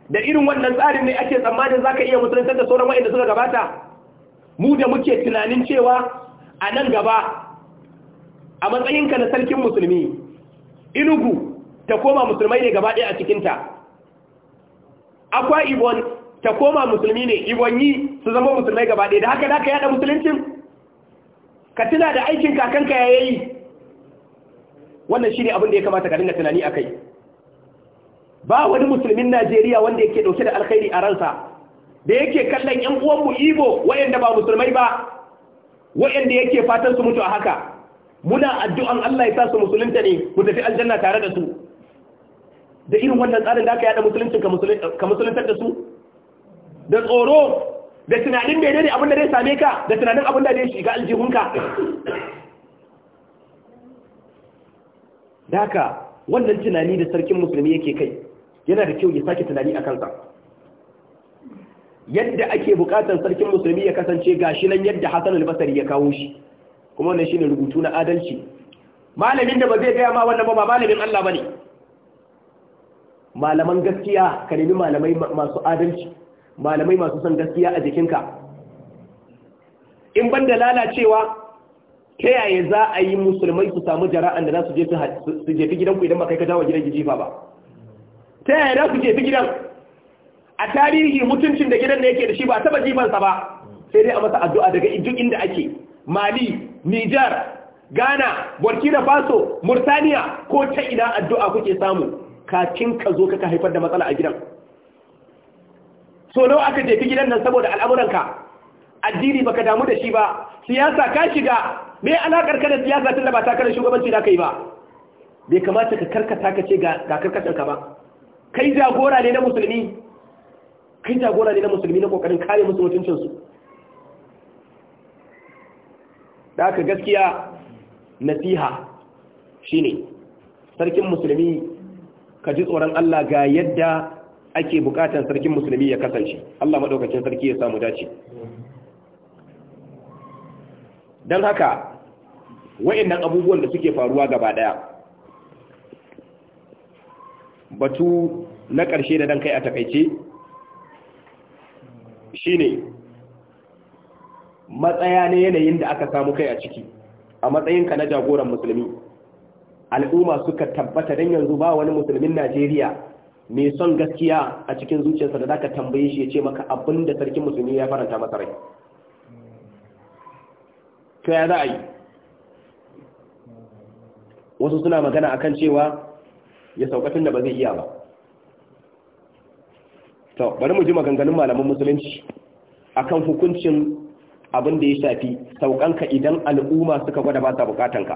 da irin wannan tsarin ne ake tsammanin za ka iya musulunta da sauran waɗanda suka gabata mu da muke tunanin cewa a nan gaba a matsayinka na sarkin musulmi inugu ta koma musulmai ne gaba ɗaya a cikinta akwa ibon ta koma musulmi ne ibon yi su zama musulmai gaba ɗaya da haka da ka yada musuluncin ka tuna da aikin kakanka ya yi wannan shine abin da ya kamata ka dinga tunani akai ba wani musulmin Najeriya wanda yake dauke da alkhairi a ransa da yake kallon 'yan uwan mu Igbo wayanda ba musulmai ba wayanda yake fatan su mutu a haka muna addu'an Allah ya sa su musulunta ne mu tafi aljanna tare da su da irin wannan tsarin da aka yada musuluncin ka musuluntar da su da tsoro da tunanin bai ne abin da zai same ka da tunanin abin da zai shiga aljihunka Daka, wannan tunani da sarkin musulmi yake kai yana da kyau ya sake tunani a kansa yadda ake bukatar sarkin musulmi ya kasance ga shi nan yadda Hassan al ya kawo shi kuma wannan ne rubutu na adalci malamin da ba zai gaya ma wannan ba malamin Allah ba ne. malaman gaskiya ka nemi malamai masu adalci malamai masu son gaskiya a jikinka in ban da lalacewa ta yaya za a yi musulmai su samu jara'an da za su jefi gidanku idan ba kai ka jawo gidan jifa ba ta yaya za su jefi gidan a tarihi mutuncin da gidan da yake da shi ba taba jifansa ba sai dai a masa addu'a daga duk inda ake mali nijar ghana burkina faso murtaniya ko ta ina addu'a kuke samu kafin ka zo kaka haifar da matsala a gidan so nawa aka jefi gidan nan saboda al'amuranka addini baka damu da shi ba siyasa ka shiga me alakar ka da siyasa tunda ba takarar shugabanci da kai ba bai kamata ka karkata ka ce ga karkatar ka ba kai jagora ne na musulmi kai jagora ne na musulmi na kokarin kare musu mutuncin su da aka gaskiya nasiha shine sarkin musulmi ka ji tsoron Allah ga yadda ake bukatan sarkin musulmi ya kasance Allah maɗaukacin sarki ya samu dace don haka wa'annan abubuwan da suke faruwa gaba daya batu na ƙarshe da dan kai a takaice shine matsaya ne yanayin da aka samu kai a ciki a matsayinka na jagoran musulmi al'umma suka tabbata don yanzu ba wani musulmin najeriya mai son gaskiya a cikin zuciyarsa da za ka tambaye shi ya ce maka abin da sarkin musulmi ya faranta masarai. to ya za a yi wasu suna magana akan cewa ya saukatun da ba zai iya ba to bari mu ji maganganun malamin musulunci akan hukuncin abin da ya shafi saukanka idan al'umma suka gwada ba sa bukatanka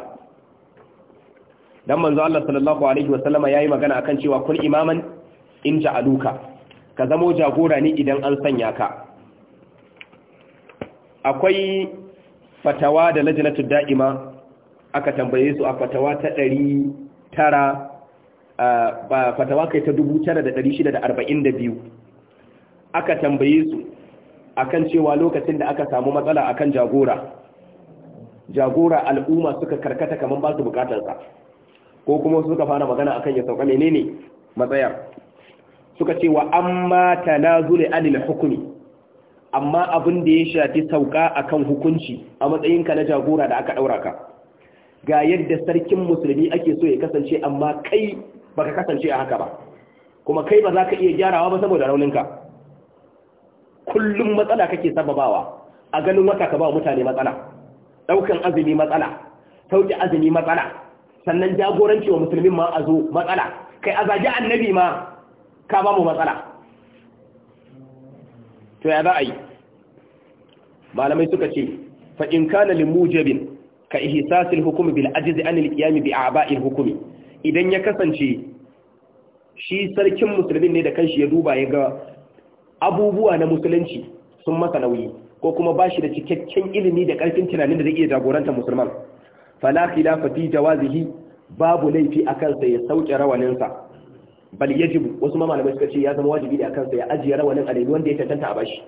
dan manzo Allah sallallahu alaihi wasallama yayi magana akan cewa kun imaman in aluka ka zamo jagora ne idan an sanya ka akwai fatawa da lajnatu da'ima aka tambaye su a fatawa ta 900 ba fatawa kai ta 9642 aka tambaye su akan cewa lokacin da aka samu matsala akan jagora jagora al'umma suka karkata kaman ba su sa ko kuma suka fara magana akan ya sauka menene matsayar suka ce wa amma tanazuli anil hukumi amma abin da ya shafi sauka akan hukunci a matsayinka na jagora da aka ɗaura ka ga yadda sarkin musulmi ake so ya kasance amma kai baka kasance a haka ba kuma kai ba za ka iya gyarawa ba saboda rauninka kullum matsala kake sababawa a ganin wata ka ba mutane matsala ɗaukan azumi matsala sauƙi azumi matsala sannan jagoranci wa musulmin ma a zo matsala kai a zaji annabi ma ka ba mu matsala to ya za a yi malamai suka ce fa in kana lil mujabin ka ihsasil hukumi bil ajzi an al qiyam bi a'ba'il hukumi. idan ya kasance shi sarkin musulmin ne da kanshi ya duba ya ga abubuwa na musulunci sun masa nauyi ko kuma ba shi da cikakken ilimi da karfin tunanin da zai iya jagoranta musulman fala khilafa fi jawazihi babu laifi akan sa ya sauke rawaninsa bal yajibu wasu ma malamai suka ce ya zama wajibi da akan ya ajiye rawanin a wanda ya tantanta a bashi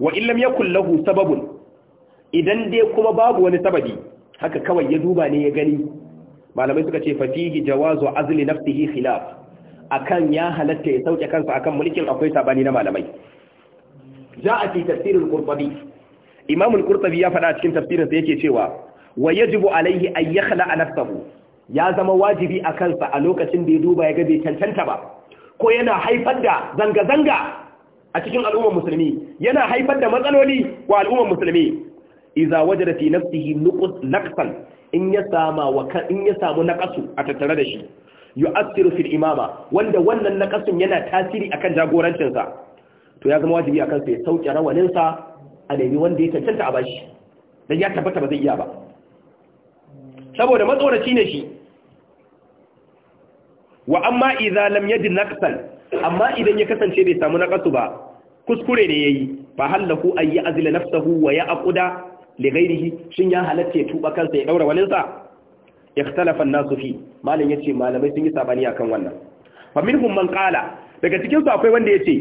wa in lam yakul lahu sababun idan dai kuma babu wani sababi haka kawai ya duba ne ya gani malamai suka ce fatihi jawazu azli nafsihi khilaf akan ya halatta ya sauke kansa akan mulkin akwai sabani na malamai ja'a fi tafsirul qurtubi imam al-qurtubi ya faɗa cikin tafsirinsa yake cewa wa yajibu alaihi an yakhla nafsahu ya zama wajibi a kansa a lokacin da ya duba ya gabe cancanta ba ko yana haifar da zanga-zanga a cikin al'ummar musulmi yana haifar da matsaloli wa al'ummar musulmi iza wajada fi nafsihi nuqus naqsan in ya sama wa in ya samu naqasu a tattare da shi yu'assiru fil imama wanda wannan naqasun yana tasiri akan jagorancin sa to ya zama wajibi a kansa ya sauke rawanin sa a nemi wanda ya cancanta a bashi dan ya tabbata ba zai iya ba saboda matsoraci ne shi wa amma idza lam yajid naqsan amma idan ya kasance bai samu naqasu ba kuskure ne yayi fa hallahu ay ya'zila nafsahu wa ya'quda li ghayrihi shin ya halatta ya tuba kansa ya daura walinsa ikhtalafa an-nasu fi malam yace malamai sun yi sabani akan wannan fa minhum man qala daga cikin su akwai wanda yace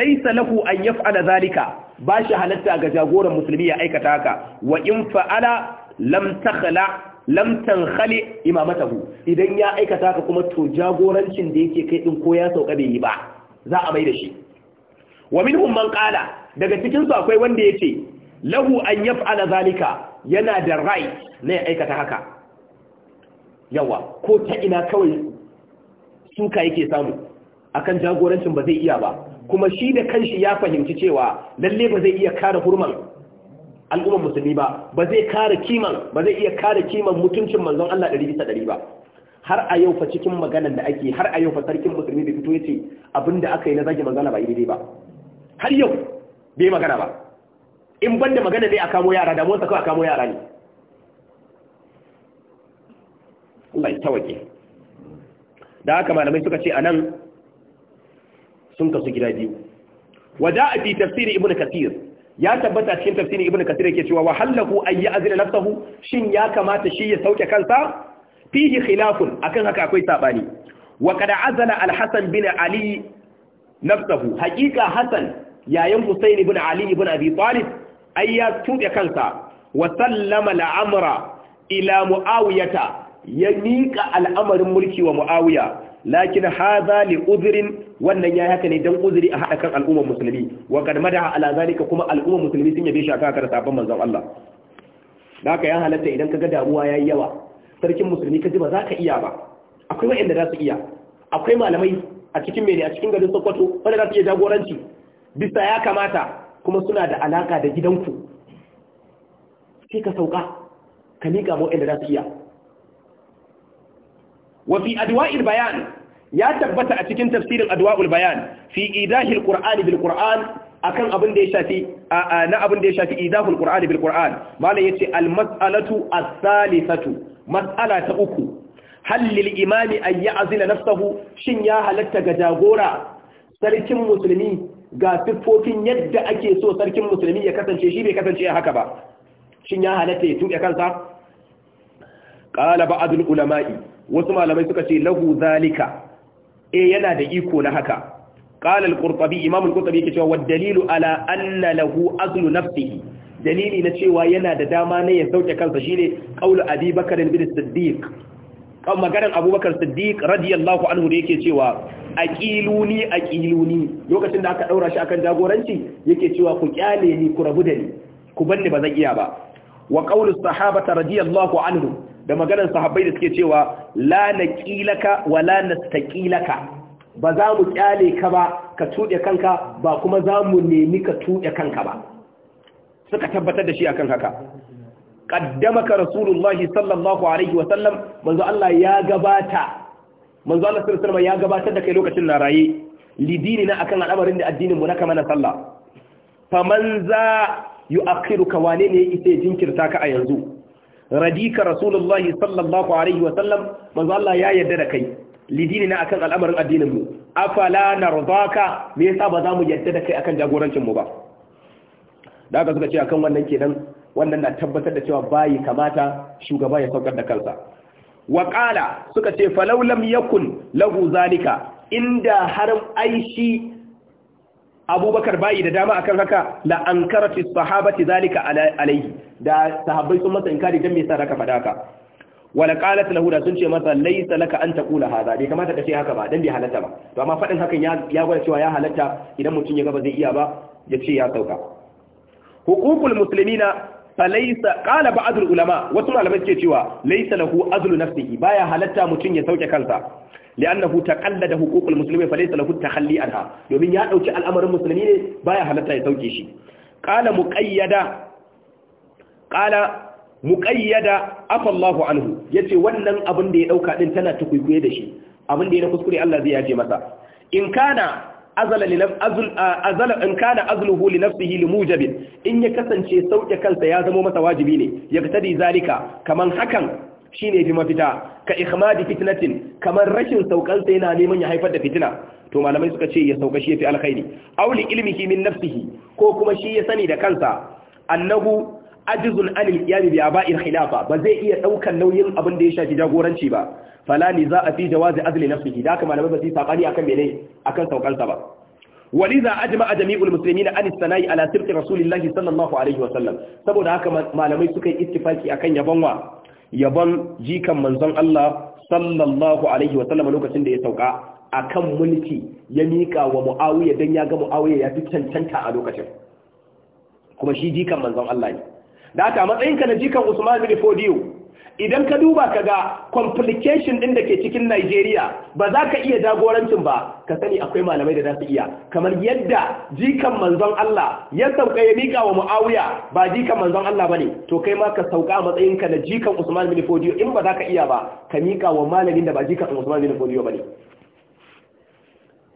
laysa lahu an yaf'ala zalika ba shi halatta ga jagoran musulmi ya aikata haka wa in fa'ala lam takhla lamtan khali imamatahu idan ya aikata ka kuma to jagorancin da yake kai din ko ya sauka bai yi ba za a maida shi wa minhum man qala daga cikin su akwai wanda yace lahu an yaf'ala zalika yana da rai na ya aikata haka yawa ko ta ina kawai suka yake samu akan jagorancin ba zai iya ba kuma shi da kanshi ya fahimci cewa lalle ba zai iya kare hurman al'ummar musulmi ba ba zai kare kiman ba zai iya kare kiman mutuncin manzon Allah 100% ba har a yau fa cikin maganar da ake har a yau fa sarkin musulmi bai fito yace abinda aka yi na zagi manzana ba daidai ba har yau bai magana ba in banda magana ne a kamo yara da motsa kawai a kamo yara ne Allah ya tawake da haka malamai suka ce anan sun kasu gida biyu wada a fi tafsiri ibnu kathir ya tabbata cikin tafsirin ibnu kasir yake cewa wa hallahu ay ya'zil nafsahu shin ya kamata shi ya sauke kansa fihi khilafun akan haka akwai sabani wa kada azala al-hasan bin ali nafsahu haqiqa hasan yayin husayn ibn ali ibn abi talib ay ya tuɓe kansa wa sallama al-amra ila muawiyata ya miƙa al'amarin mulki wa muawiya lakin hadha li uzirin wannan ya haka ne dan uzuri a hada kan al'ummar musulmi wa kad madaha ala zalika kuma al'ummar musulmi sun yabe shi aka kar sabon manzon Allah da haka ya halatta idan kaga damuwa yayi yawa sarkin musulmi kaji ba za ka iya ba akwai wa'anda za su iya akwai malamai a cikin mene a cikin garin Sokoto wanda za su iya jagoranci bisa ya kamata kuma suna da alaka da gidanku sai ka sauka ka miƙa mu wa'anda za su iya wa fi adwa'il bayan ya tabbata a cikin tafsirin adwa'ul bayan fi idahil qur'ani bil qur'an akan abin da ya shafi na abin da ya shafi idahul qur'ani bil qur'an malam ce al mas'alatu as-salisatu mas'ala ta uku hal imami an na nafsahu shin ya halatta ga jagora sarkin musulmi ga siffofin yadda ake so sarkin musulmi ya kasance shi bai kasance haka ba shin ya halatta ya tuɓe kansa qala ba'dul ulama'i wasu malamai suka ce lahu zalika E, yana da iko na haka qala al-qurtubi imam al-qurtubi yake cewa dalilu ala anna lahu azlu nafsihi dalili na cewa yana da dama ne ya sauke kansa shine qaulu abi bakr bin siddiq kan maganar abubakar siddiq radiyallahu anhu da yake cewa aqiluni aqiluni lokacin da aka daura shi akan jagoranci yake cewa ku kyale ni ku rabu da ni ku banni ba zan iya ba wa qaulu sahabata radiyallahu anhu da maganar sahabbai da suke cewa la naqilaka wa la nastaqilaka ba za mu kyale ka ba ka tuɗe kanka ba kuma za mu nemi ka tuɗe kanka ba suka tabbatar da shi akan haka qaddamaka rasulullahi sallallahu alaihi wa sallam manzo Allah ya gabata manzo Allah sallallahu alaihi ya gabatar da kai lokacin na raye lidini na akan al'amarin da addinin mu na kamar sallah faman za yu'akhiruka wane ne yake jinkirta ka a yanzu radika rasulullahi sallallahu alaihi wa sallam manzo Allah ya yarda da kai lidini na akan al'amarin addinin mu afala nardaka me yasa ba za mu yarda da kai akan jagorancin mu ba da aka suka ce akan wannan kenan wannan na tabbatar da cewa bayi kamata shugaba ya saukar da kansa wa qala suka ce falau lam yakun lahu zalika inda har aishi abubakar bayi da dama akan haka la an karatu sahabati zalika alaihi da sahabbai sun masa inkari dan me yasa raka fada haka wala qalat lahu da sun ce masa laysa laka an taqula hadha bai kamata ka ce haka ba dan bai halatta ba to amma fadin hakan ya ya gwada cewa ya halatta idan mutum ya ga ba zai iya ba ya ce ya sauka huququl muslimina falaisa qala ba'd ulama wasu malamai ke cewa laysa lahu azlu nafsihi baya halatta mutum ya sauke kansa ta da li'annahu taqallada huququl muslimin falaysa lahu takhalli anha domin ya ɗauki al'amarin musulmi ne baya halarta ya sauke shi qala muqayyada qala muqayyada afa Allahu wannan abin da ya ɗauka din tana tukuikuye da shi abin da ya kuskure Allah zai yaje masa in kana azala li azl azala in kana in ya kasance sauke kansa ya zama masa wajibi ne ya tadi zalika kaman hakan Shi ne fi mafita ka ihmadi fitnatin kamar rashin saukan yana neman ya haifar da fitina to malamai suka ce ya sauka shi fi alkhairi aw li ilmihi min nafsihi ko kuma shi ya sani da kansa annahu ajizun anil qiyam bi aba'il khilafa ba zai iya daukan nauyin abin da ya shafi jagoranci ba fala ni za a fi jawazi azli nafsihi da haka malamai ba su sakani akan mene akan saukan sa ba ولذا أجمع جميع المسلمين أن الثناء على سبق رسول الله صلى الله عليه وسلم saboda haka malamai suka yi ittifaki akan yabonwa yabon jikan manzon Allah sallallahu alaihi wa sallam lokacin da ya sauka akan mulki ya mika wa Muawiya dan ya ga Muawiya ya fi cancanta a lokacin kuma shi jikan manzon Allah ne da matsayin matsayinka na jikan Usman bin Fodiyo idan ka duba ka ga complication ɗin da ke cikin Najeriya ba za ka iya jagorancin ba ka sani akwai malamai da za su iya kamar yadda jikan manzon Allah ya sauka ya miƙa wa Muawiya ba jikan manzon Allah ba ne, to kai ma ka sauka a matsayin na jikan Usman bin Fodiyo in ba za ka iya ba ka miƙa wa malamin da ba jikan Usman bin Fodiyo ba ne.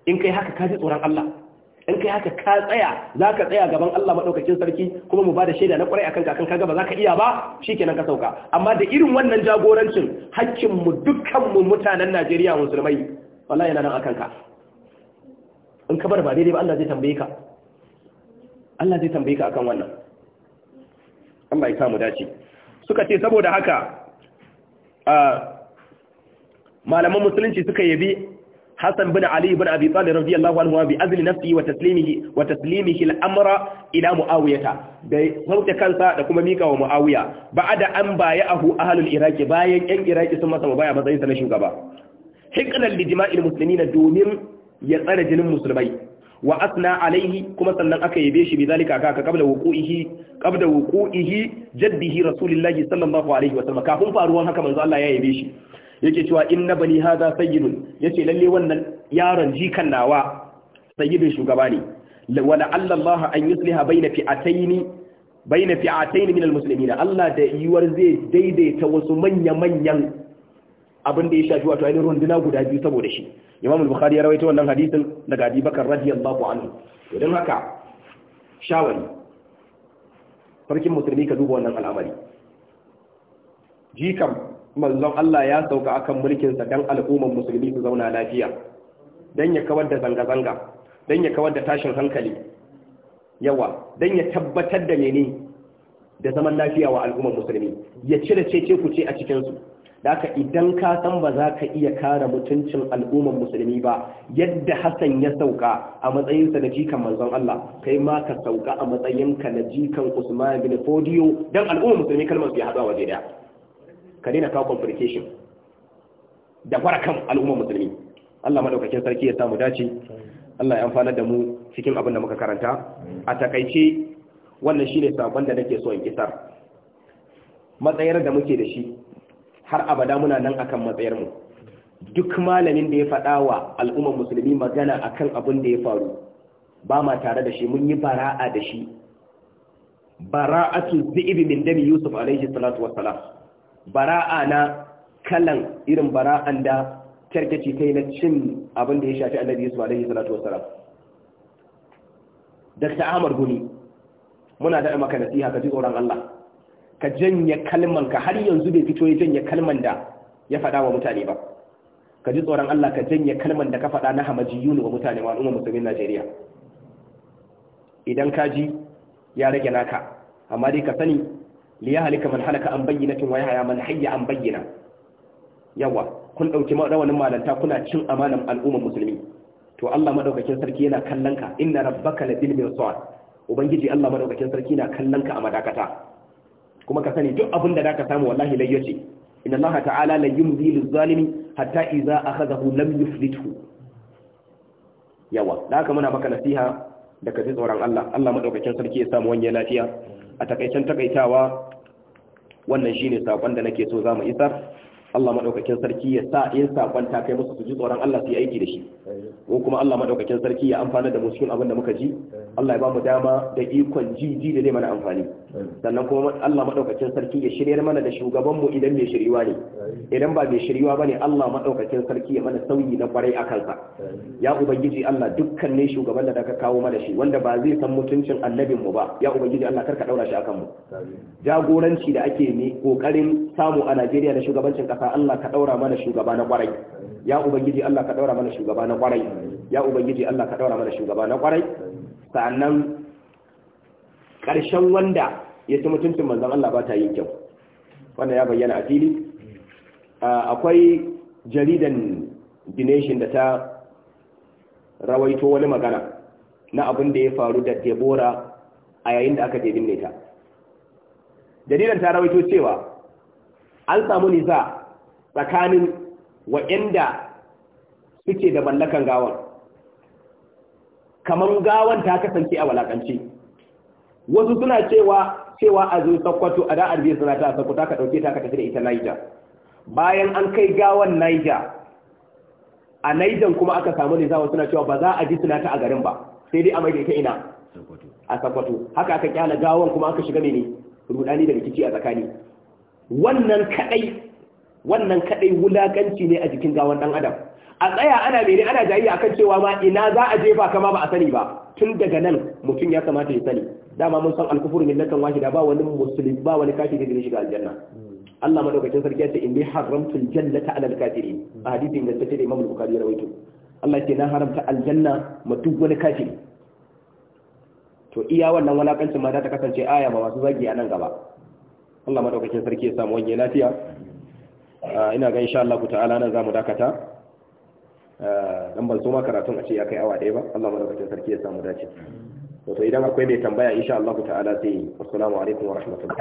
in kai haka ka ji tsoron Allah in kai haka ka tsaya za ka tsaya gaban Allah maɗaukakin sarki kuma mu ba da shaida na ƙwarai akan kakan ka ba za ka iya ba shi kenan ka sauka amma da irin wannan jagorancin hakkinmu dukkanmu mutanen Najeriya musulmai wallahi yana nan akan ka in ka bar ba daidai ba Allah zai tambaye ka Allah zai tambaye ka akan wannan Allah ya samu dace suka ce saboda haka ah, malaman musulunci suka yabi hasan bin ali bin abi talib radiyallahu anhu bi azli nafsi wa taslimihi wa taslimihi al-amra muawiyata sauke kansa da kuma mika wa muawiya ba'da an baya'ahu ahlul Iraki, bayan yan iraki sun masa baya matsayin sa na shugaba hikran li jima'il muslimina domin ya tsare jinin musulmai wa asna alaihi kuma sannan aka yabe shi bizalika aka ka kabla wuqu'ihi kabla wuqu'ihi jaddihi rasulillahi sallallahu alaihi wa sallam kafin faruwan haka manzo Allah ya yabe shi yake cewa inna bani haza, sayyidun yace lalle wannan yaron jikan nawa sayyidin shugaba ne wala Allah an yusliha bai na baina fi'ataini min almuslimin Allah da yiwuwar zai daidaita wasu manya manyan abin da ya shafi wato ainihin runduna guda biyu saboda shi imamul bukhari ya rawaita wannan hadisin daga Abi Bakar radiyallahu anhu to haka shawari farkin musulmi ka duba wannan al'amari jikan manzon Allah ya sauka akan mulkinsa dan al'umman musulmi su zauna lafiya don ya kawar da zanga-zanga don ya kawar da tashin hankali yawa don ya tabbatar da menene da zaman lafiya wa al'umman musulmi ya cire cece ku ce a cikinsu da ka idan ka san ba za ka iya kare mutuncin al'umman musulmi ba yadda hassan ya sauka a matsayinsa na jikan manzon Allah kai ma ka sauka a matsayinka na jikan usman bin fodiyo don al'umman musulmi kalmar su ya haɗu waje daya ka daina kawo complication da fara kan al'ummar musulmi Allah madaukakin sarki ya samu dace Allah ya amfana da mu cikin abin da muka karanta a takaice wannan shine sabon da nake so in kisar matsayar da muke da shi har abada muna nan akan matsayar mu duk malamin da ya faɗa wa al'ummar musulmi magana akan abin da ya faru ba ma tare da shi mun yi bara'a da shi bara'atu zi'ib min dami yusuf alaihi salatu wassalam bara'a na kalan irin bara'an da kyarkaci ta yi na cin abin da ya shafi annabi yusuf alaihi salatu salam. dr ahmad guni muna da maka nasiha ka ji tsoron Allah ka janye kalman ka har yanzu bai fito ya janye kalman da ya faɗa wa mutane ba ka ji tsoron Allah ka janye kalman da ka faɗa na hamajiyun wa mutane wa al'umma musulmin Najeriya idan ka ji ya rage naka amma dai ka sani li ya halika man halaka an bayyinatin wa yahya man hayya an bayyana. yawa kun dauki rawanin malanta kuna cin amanan al'ummar musulmi to Allah madaukakin sarki yana kallon ka inna rabbaka la bil mirsad ubangiji Allah madaukakin sarki yana kallon ka a madakata kuma ka sani duk abin da zaka samu wallahi layyace inna Allah ta'ala la yumzi lil zalimi hatta idza akhadahu lam yuflithu yawa da haka muna maka nasiha da ka ji tsoron Allah Allah madaukakin sarki ya samu wani lafiya a takaicen takaitawa wannan shi ne sakon da nake so za mu isar Allah maɗaukakin sarki ya sa in sakon ta kai musu su ji tsoron Allah su yi aiki da shi ko kuma Allah madaukakin sarki ya amfana da mu cikin abin da muka ji Allah ya ba mu dama da ikon ji ji da zai mana amfani sannan kuma Allah maɗaukakin sarki ya shiryar mana da shugaban mu idan mai shiriwa ne idan ba mai shiriwa ne, Allah maɗaukakin sarki ya mana sauyi na kwarai a kansa ya ubangiji Allah dukkan ne shugaban da ka kawo mana shi wanda ba zai san mutuncin annabin mu ba ya ubangiji Allah karka daura shi akan mu jagoranci da ake ne kokarin samu a Najeriya da shugabancin ƙasa Allah ka ɗaura mana shugaba na ƙwarai ya ubangiji Allah ka ɗaura mana shugaba na ƙwarai ya ubangiji Allah ka ɗaura mana shugaba na ƙwarai sa'annan ƙarshen wanda ya ci mutuncin manzon Allah ba ta yin kyau wannan ya bayyana a fili akwai jaridan dination da ta rawaito wani magana na abin da ya faru da tebora a yayin da aka je binne ta jaridan ta rawaito cewa an samu nisa tsakanin waɗanda suke da mallakan gawan kamar gawan ta kasance a walakance wasu suna cewa cewa a zo sakwato a da'ar biyu suna ta sakwato ka ɗauke ta ka tafi da ita naija bayan an kai gawan naija a naijan kuma aka samu ne zawa suna cewa ba za a ji suna ta a garin ba sai dai a mai da ita ina a sakwato haka aka kyala gawan kuma aka shiga mene rudani da rikici a tsakani wannan kadai wannan kadai wulakanci ne a jikin gawan dan adam a tsaya ana mene ana jayayya akan cewa ma ina za a jefa kama ba a sani ba tun daga nan mutum ya kamata ya sani dama mun san alkufur millatan wahida ba wani musulmi ba wani kashi da zai shiga aljanna Allah madaukakin sarki ya ce bi haramtu aljannata ala alkafirin a hadisin da take da Imam Bukhari ya rawaito Allah ce na haramta aljanna ma duk wani kafiri to iya wannan walakancin ma za ta kasance aya ba masu zagi a nan gaba Allah madaukakin sarki ya samu wani lafiya Ah, ina ga insha Allah ta'ala nan zamu dakata ah, dan ban so ma karatun a ce ya kai awa ɗaya ba Allah madaukakin sarki ya samu dace to idan akwai mai tambaya insha Allah ta'ala sai assalamu alaikum wa rahmatullahi